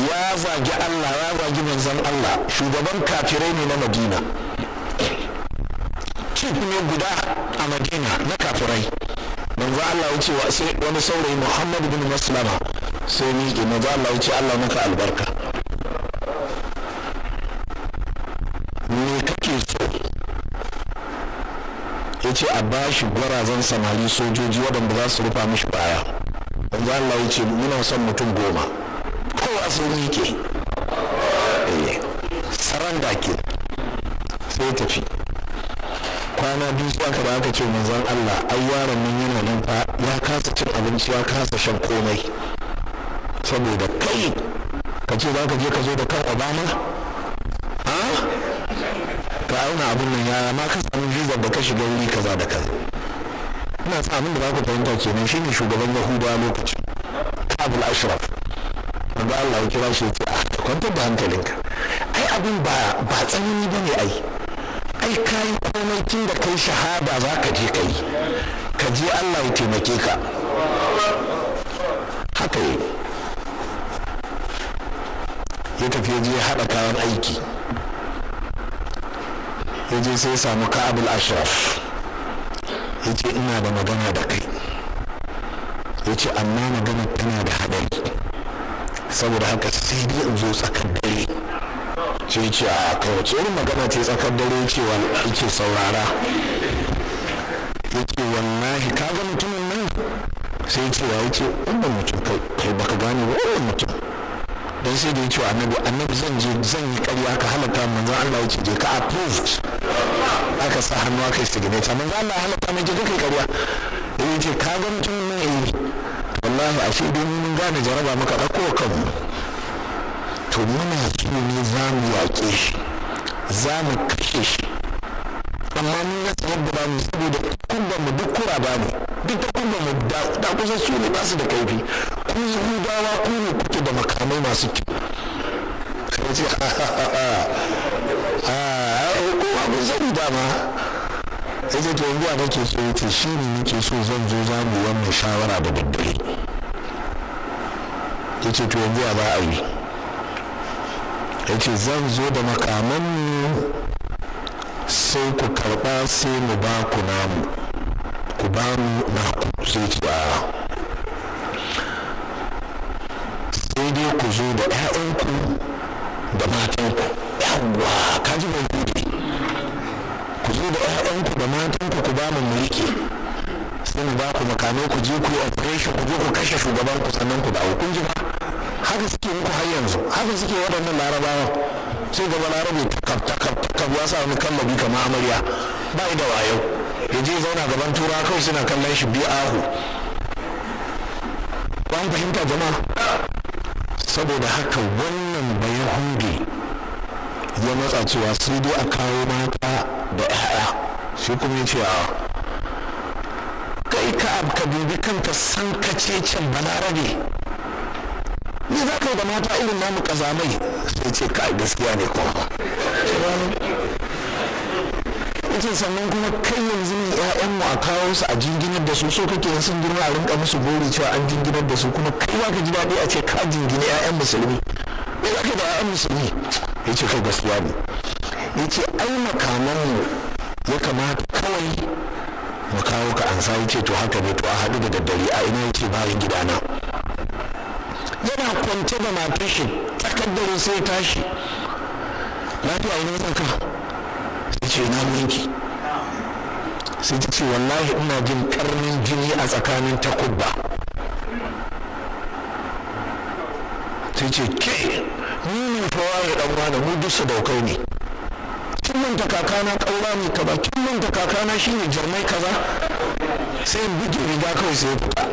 ya zagi Allah ya zagi manzan Allah shugaban kafirai ne na Madina masjid ne guda a madina na kafirai manzo Allah ya ce wa sai wani saurayi Muhammad bin Maslama sai miƙe manzo Allah ya ce Allah maka albarka me kake so ya ce a bashi gwarazan samari sojoji waɗanda za su rufa mishi baya manzo Allah ya ce muna son mutum goma a sai ke eh, saranda ke sai tafi kwana biyu zuwa aka da aka ce manzon Allah ai yaron nan yana nan fa ya kasa cin abinci ya kasa shan komai saboda kai ka ce za ka je ka zo da kan Obama ha ka auna abin nan yara ma ka samu visa da ka shiga wuri kaza da kaza ina sa abin da za ku fahimta shi shine shugaban Yahudawa lokacin Kabul Ashraf wanda Allah ya kira shi ya ce ah, a kwantar da hankalinka ai abin ba ba ne ai ai kayi komai tun da kai shahada za ka je kai ka je allah ya taimake ka haka yi ya tafi ya je haɗa kayan aiki ya je sai samu ka'abul ashraf ya ce ina da magana da kai ya ce amma magana tana da haɗari saboda haka sai dai in zo tsakar dare sai ce a kawace irin magana ce tsakar dare cewa ake saurara yake ce wallahi ka ga mutumin nan sai ce ya ce wannan mutum kai baka gane ba wannan mutum dan sai da ya ce annabi annabi zan je zan yi karya ka halatta manzo Allah wuce je ka approved aka sa hannu aka yi signature manzo Allah halatta mai je ka kai karya yake ce ka ga mutumin nan eh wallahi ashe dai mun gane jaraba muka dauko kanmu to muna so ne za mu yaƙe shi za mu kashe shi amma mun rasa yadda ba mu saboda kubban mu duk kura ba ne duk da kubban mu da kusa su ne ba da kaifi ku yahudawa ku ne kuke da makamai masu kyau sai ce ha ha ha ha ha ha ha ha ha ha ha ha ha ha so ha shi ne ha so zan zo za mu ha shawara da daddare yace to ha ha ha a yi ya ce zan zo da ne sai ku karba sai mu ba ku namu ku ba mu na ku sai ci a sai dai ku zo da 'ya'yanku da matanku yawwa ka ji mai ku zo da 'ya'yanku da matanku ku ba mu mulki sai mu ba ku makamai ku je ku yi operation ku je ku kashe shugaban ku sannan ku dawo kun ji ba haka suke muku har yanzu haka suke waɗannan larabawa sai gaba larabe takaf takaf takaf ya sa wani kallabi kamar amarya ba da wayo ya je zauna gaban turawa kawai suna kallon shi biyu ahu ba fahimta jama'a saboda haka wannan bayan hunde ya matsa cewa sai dai a kawo mata da 'ya'ya shi kuma ya ce a kai ka abu ka dubi kanka san kace can balarabe ni za ka yi da mata irin namu kazamai sai ce ka gaskiya ne kuma yace sannan kuma kai yanzu ne ya'yanmu a kawo su a jinginar da su so kake yin sun girma a rinka musu gori cewa an jinginar da su kuma kai za ka ji daɗi a ce ka jingine ƴaƴan musulmi me za ka da ƴaƴan musulmi ya ce kai gaskiya ne ya ce ai makamanmu ya kamata kawai mu kawo ka ansa ya ce to haka ne to a haɗu da daddare a ina ya yace bayan gidana yana kwance da matar shi tsakar dare sai tashi lafiya wani tsaka sai ce na wanki sai ta ce wallahi ina jin karnin jini a tsakanin takubba sai ce ke ni ne fawa ya dan wani mu dusa daukai ne kin manta kakana kaura ne kaba kin manta kakana shine jarmai kaza sai in buge riga kawai sai ya fita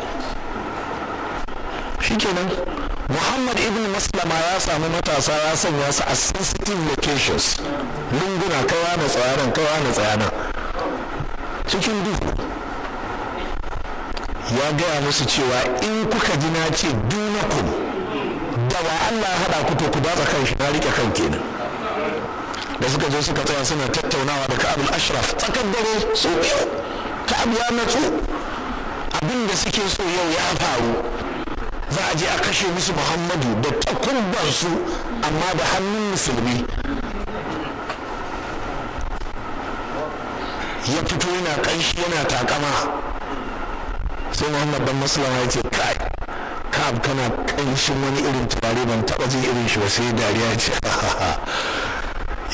shikenan muhammad ibn maslama ya samu matasa ya sanya su a sensitive locations lunguna kawa na tsayanan kawa na tsayanan cikin duhu ya gaya musu cewa in kuka ji na ce dunakum da ba allah ya haɗa ku to ku datsa kan shi na rike kan kenan da suka je suka tsaya suna tattaunawa da ka'abul ashraf tsakar dare su biyu ka'ab ya natsu abin da suke so yau ya faru za a je a kashe musu muhammadu da su amma da hannun musulmi ya fito yana kanshi yana takama sai muhammad dan maslama ya ce kai kab kana kanshin wani irin turare ban taba jin irin shi ba sai dariya ce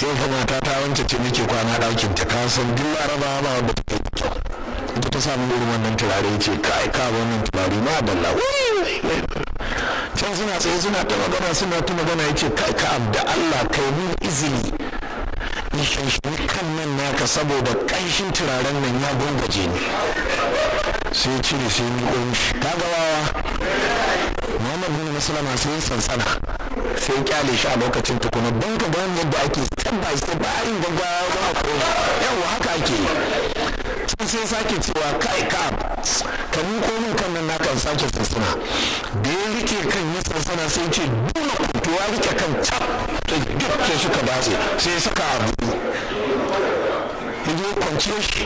yau mata ta wance ce nake kwana ɗakin ta kasan duk laraba ba wanda ta ta samu irin wannan turare ce kai ka wannan turare ma dalla wuri can suna tsaye suna ta magana suna ta magana ya ce ka abda Allah kai min izini in shanshani kan nan naka saboda ƙanshin turaren nan ya gungaje ni sai cire sai ni shi ta gawawa Muhammad bin Musulama sai sansana sai kyale shi a lokacin tukuna don ka gani yadda ake step by step ba a yin gaggawa ba a yawa haka ake yi sai sake cewa kai ka ka ko min kan nan kan sake sansana da ya rike kan yi sansana sai ce dole ya rike kan cap ta duk sai suka dace sai suka saka abu ya je kwanciyar shi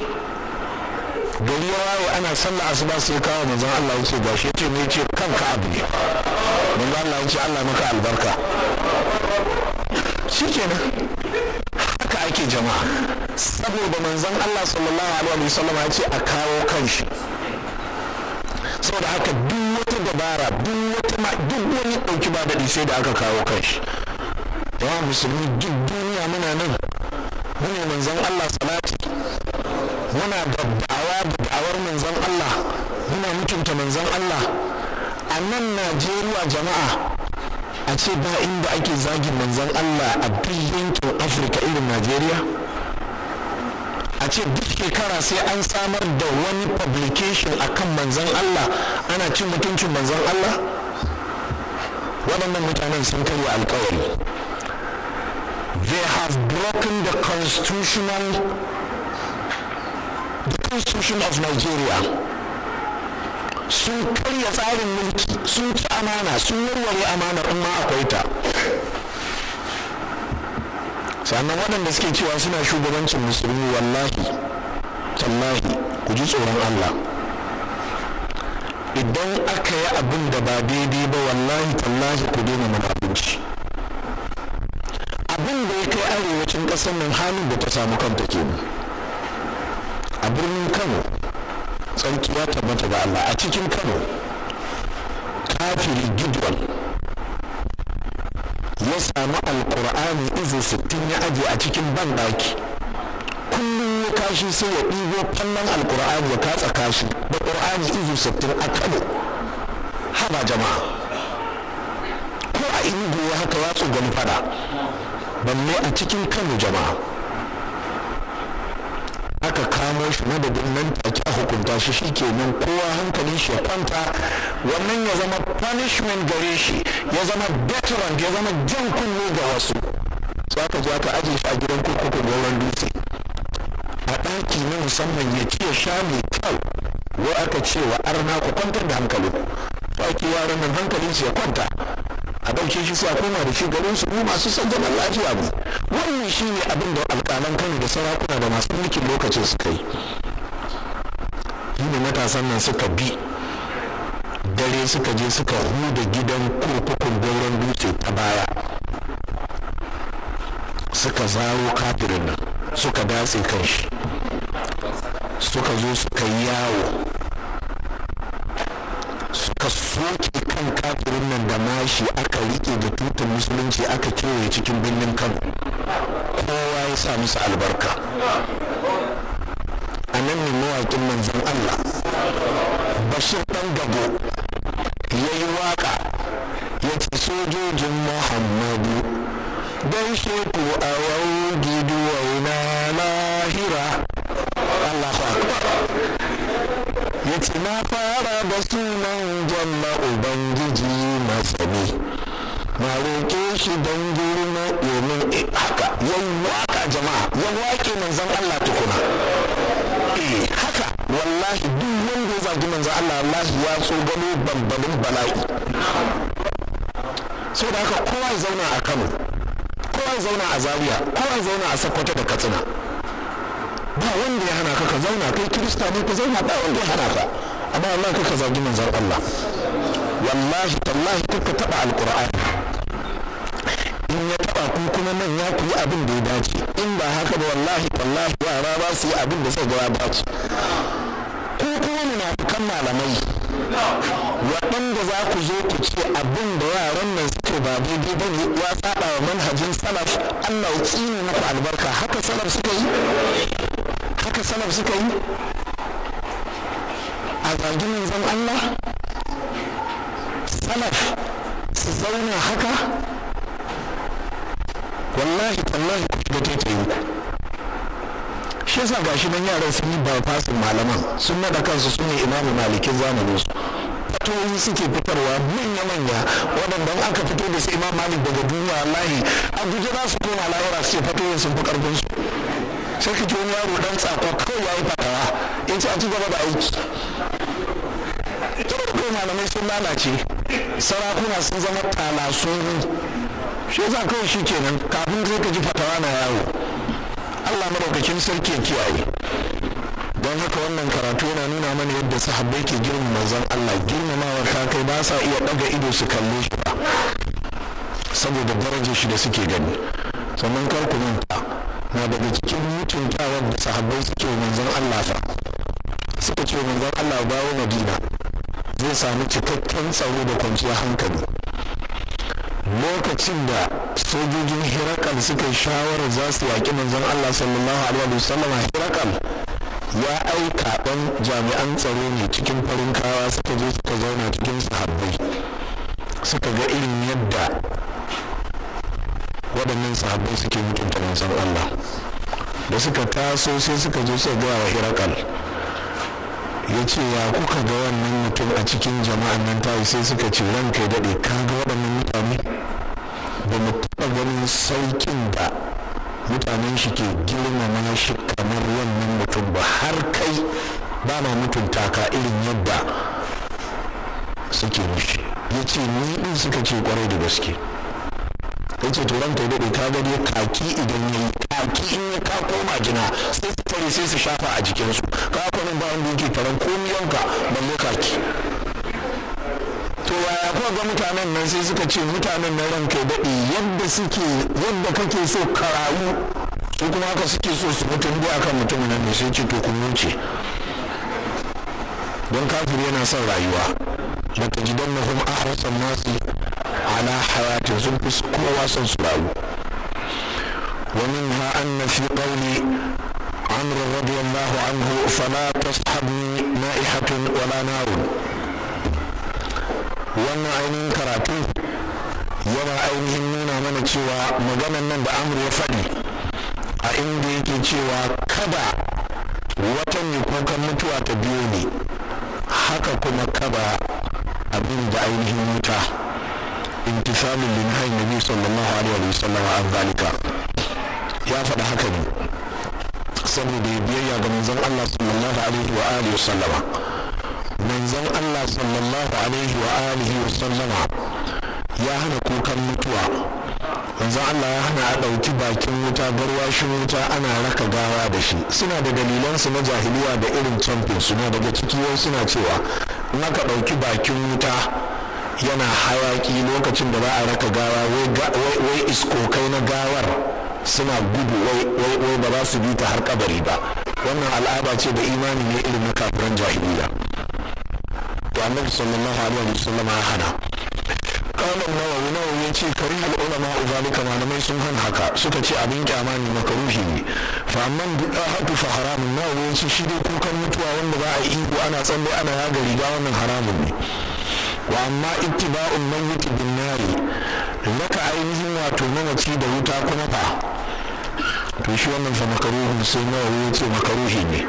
gari ya waye ana sallah asuba sai kawo manzon Allah yace ba shi yace ne yace kanka abu ne manzon Allah yace Allah maka albarka Shi kenan haka ake jama'a saboda manzon Allah sallallahu alaihi wasallam ya ce a kawo kanshi saboda haka duk wata dabara duk wata duk wani dauki ba daɗi sai da aka kawo kanshi yawa musulmi duk duniya muna nan mune manzon Allah salati muna da da'awa da da'awar manzon Allah muna mutunta manzon Allah a nan Najeriya jama'a a ce ba inda ake zagin manzan Allah a duk yankin Afirka irin Najeriya a ce duk shekara sai an samar da wani publication a kan manzan Allah ana cin mutuncin manzan Allah waɗannan mutanen sun karya alkawari they have broken the constitutional the constitution of Nigeria sun karya tsarin mulki sun ci amana sun warware amana in ma akwai ta sannan waɗanda suke cewa suna shugabancin musulmi wallahi tallahi ku ji tsoron Allah idan aka yi abin da ba daidai ba wallahi tallahi ku daina munafunci abin da ya kai arewacin ƙasar nan halin da ta samu kanta kenan a birnin Kano tsarki ya tabbata ga Allah a cikin Kano kafin gidwal ya samu alkur'ani izu sittin ya aje a cikin banɗaki kullum ya kashi sai ya ɗigo kallon alkur'ani ya katsa kashi da ƙur'ani izu sittin a Kano haba jama'a ko a ingo ya haka ya tsogani fada balle a cikin Kano jama'a aka kamo shi madadin nan take a hukunta shi nan kowa hankali shi ya kwanta wannan ya zama punishment gare shi ya zama deterrent ya zama jan kunne ga wasu sai ka je aka ajiye shi a gidan kurkuku gauran dutse a ɗaki na musamman ya ci ya sha mai kyau wai aka ce wa arna ku kwantar da hankali ku ake yaran nan hankalin shi ya kwanta a ɗauke shi sai a koma da shi garin su masu son zaman lafiya ba wannan shi ne abin da alƙalan kano da sarakuna da masu mulkin lokacin kai. yi shi matasan nan suka bi dare suka je suka huda gidan kurkukun gauran dutse ta baya suka zaro kafirin nan suka datse shi suka zo suka yawo suka soke kan kafirin da mashi aka rike da tutun musulunci aka kewaye cikin birnin kano kowa ya sa musu albarka a nan ne mawaƙin manzan allah bashir ɗan gabo ya yi waƙa ya ce sojojin muhammadu don sheku a wauge na lahira ya ce na fara da sunan jalla ubangiji rabe ba roƙe shi don girma domin haka yan waka jama'a yan waƙe manzan Allah tukuna eh haka wallahi duk wanda ya zagi manzan Allah wallahi ya so gano bambamin bala'i sau da haka kowa ya zauna a Kano kowa ya zauna a Zaria kowa ya zauna a Sokoto da Katsina ba wanda ya hana ka ka zauna kai kirista ne ka zauna ba wanda ya hana ka amma Allah ka ka zagi manzan Allah wallahi tallahi kuka taɓa alƙur'ani in ya taɓa ku kuma nan ya kuyi abin da ya dace in ba haka ba wallahi tallahi yara ba su yi abin da zai gaba ba dace ko kuma munafukan malamai waɗanda za ku zo ku ce abin da yaran nan suke ba daidai ba ne ya saɓa wa manhajin salaf allah ya tsine muku albarka haka salaf suka yi haka salaf suka yi a zagin zan allah salaf su zauna haka wallahi tallahi ku shiga taitayin ku shi yasa gashi nan yaran sun yi bypassin malaman sun naɗa kansu su ne imamu malikin zamanin su fatoyi suke fitarwa manya-manya waɗanda aka fito da su imam malik daga duniya wallahi a guje za su koma lahira su ce fatoyin sun fi ƙarfin su sai ka ji wani yaro ɗan tsakwa kawai ya yi fatawa ya ce a ci gaba da aiki sai malamai sun lalace sarakuna sun zama talasuru shi za kawai shi kenan kafin zai ka ji fatawa na yawo allah madaukakin sarki ya kiyaye don haka wannan karatu yana nuna mana yadda sahabbai ke girma manzon allah girmamawa ta kai ba sa iya ɗaga ido su kalle shi ba saboda darajar shi da suke gani sannan kar ku manta na daga cikin mutuntawar da sahabbai suke manzon allah fa suka ce manzon allah dawo madina zai sami cikakken tsaro da kwanciyar hankali lokacin da sojojin hirakal suka shawarar za su yaƙi manzon allah sallallahu alaihi wasallam hirakal ya aika ɗan jami'an tsaro ne cikin farin kawa suka zo suka zauna cikin sahabbai suka ga irin yadda waɗannan sahabbai suke mutunta manzon allah da suka taso sai suka zo suka gaya wa hirakal ya ce ya kuka ga wannan mutum a cikin jama'an nan ta sai suka ce ran kai daɗe ka ga waɗannan mutane ba mu taɓa ganin saukin da mutanen shi ke girmama shi kamar wannan mutum ba har kai ba na mutunta ka irin yadda suke mishi ya ce ni ɗin suka ce kwarai da gaske ya ce to ranka ya daɗe ka gani kaki idan ya yi kaki in ya ka koma jina sai su tare sai su shafa a jikinsu ka nan ba wanda yake faran komiyanka balle kaki to yaya ga mutanen nan sai suka ce mutanen na ranka ya daɗe yadda suke yadda kake so ka rayu su kuma haka suke so su mutum dai akan mutumin nan ne sai ce to kun wuce don kafir yana son rayuwa ta ji don a harsan nasi ala hayati sun fi kowa san su rayu wa minha anna fi qawli عمر رضي الله عنه فلا تصحبني نائحة ولا نار wannan ainihin karatu yana ainihin nuna mana cewa maganan nan da amr ya faɗi a inda yake cewa kada wata mai kukan mutuwa ta biyo ne haka kuma kaba abin da ainihin wuta intisal linhayi nabi sallallahu alaihi wa sallam an zalika ya faɗa haka ne saboda ya biyayya ga manzon Allah sallallahu alaihi wa alihi wa sallama manzon Allah sallallahu alaihi wa alihi wa sallama ya hana kukan mutuwa manzon Allah ya hana a ɗauki bakin wuta garwashin wuta ana raka gawa da shi suna da dalilansu na jahiliya da irin su suna daga ciki wai suna cewa in aka ɗauki bakin wuta yana hayaki lokacin da za a raka gawa wai iskokai na gawar suna gudu wai ba za su bi ta har kabari ba wannan al'ada ce da imani ne irin na kafiran jahiliya to annabi sallallahu alaihi wasallam ya hana قال النووي نووي يجي كره العلماء ذلك malamai sun han haka suka ce abin kyama ne makaruhi ne fa amman ahadu fa haramun nawawi yace shi dai kukan mutuwa wanda ba a yi ihu ana tsalle ana yaga riga wannan haramun ne wa amma ittiba'un mawuti bin nari laka ainihin wato mamaci da wuta kuma fa to shi wannan fa makaruhun sai na ya ce makaruhi ne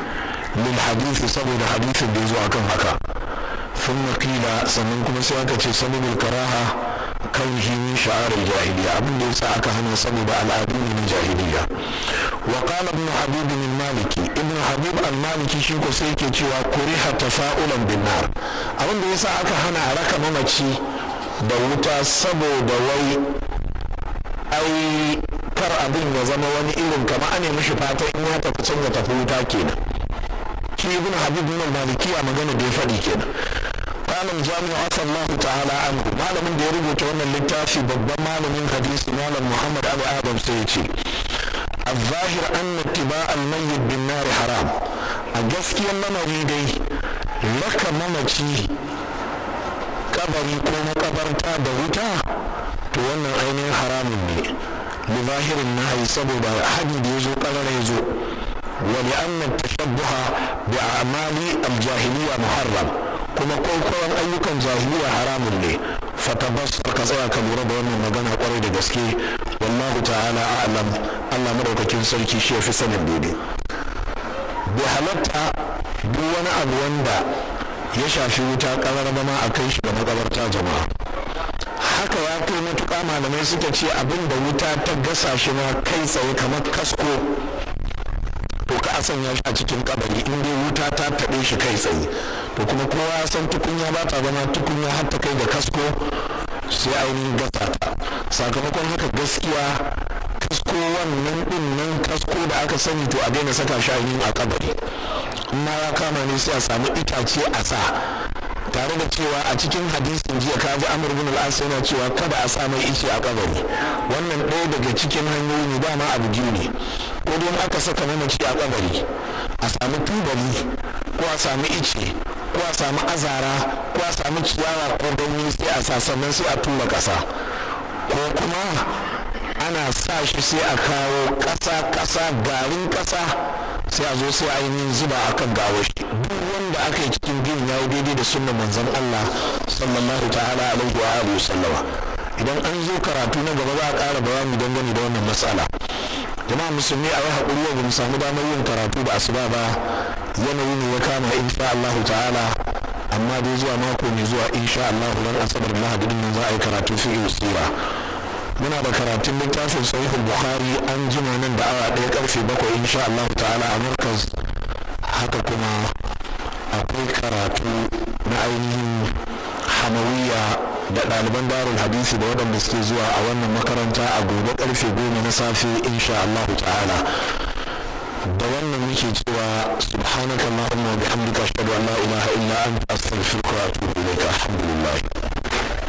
lil hadisi saboda hadisin da ya zo akan haka sun makila sannan kuma sai aka ce sababul karaha kaunhi min sha'ar jahiliya abin da yasa aka hana saboda al'adu ne na jahiliya wa qala ibn maliki ibn habib al-maliki shi ko sai yake cewa kuriha tafa'ulan bin nar abin da sa aka hana a raka mamaci da wuta saboda wai ai kar abin ya zama wani irin kama ane mishi fatan in ya tafi can ya tafi wuta kenan shi ibn habib bin maliki a magana da ya faɗi kenan قال الجامع عفى الله تعالى عنه malamin da ya rubuta wannan littafi babban malamin hadisi malam muhammad abu adam sai ya ce الظاهر أن اتباع الميت بالنار حرام أجسكي النموي دي لك ممتي كبري كوم كبرتا دوتا وانا عينين حرام دي بظاهر النهي سبب حديد يزو قرر يزو ولأن التشبه بأعمال الجاهلية محرم كما كل كل أيكم جاهلية حرام دي فتبصر كذا كبيرة بأن مغانا قرر دي wallahu ta'ala a'lam Allah madaukakin sarki shi ya sanin dede bi halatta duk wani abu wanda ya shafi wuta kamar ma a kai shi da makabarta jama'a haka ya kai matuƙa malamai suka ce abin da wuta ta gasa shi ma kai tsaye kamar kasko to ka asan ya shi a cikin kabari in dai wuta ta taɓe shi kai tsaye to kuma kowa ya san tukunya ba ta zama tukunya har ta kai da kasko sai ainihin gasa ta sakamakon haka gaskiya kasko wannan din kasko da aka sani to a daina saka shi ainihin a kabari amma ya kama ne sai a samu itace a sa tare da cewa a cikin hadisin jiya ka ji amur bin yana cewa kada a sa ice a kabari wannan ɗaya daga cikin hanyoyi ne dama abu biyu ne ko don aka saka mamaci a kabari a sami tubali ko a sami ice ko a samu azara ko a samu ciyawa ko ganye sai a sasannan sai a tura kasa ko kuma ana sa shi sai a kawo kasa kasa garin kasa sai a zo sai ainihin zuba a kan shi. duk wanda aka yi cikin biyun ya yi daidai da sunna manzon Allah sallallahu ta'ala alaihi wa alihi sallama idan an zo karatu na gaba za a ƙara bayani dangane da wannan matsala jama'a musulmi a yi haƙuri wa mu samu damar yin karatu da asuba ba wani ne ya kama insha Allahu ta'ala amma dai zuwa mako mai zuwa insha Allahu ran asabar lahadi nan za a yi karatu fi usura muna da karatun littafin sahihul bukhari an jima nan da awa ɗaya karfe bakwai insha Allahu ta'ala a markaz haka kuma akwai karatu na ainihin hamawiya da ɗaliban darul hadisi da waɗanda suke zuwa a wannan makaranta a gobe karfe goma na safe insha Allahu ta'ala da wannan muke cewa subhanaka allahumma wa bihamdika ashhadu an la ilaha illa anta astaghfiruka wa atubu ilayka alhamdulillah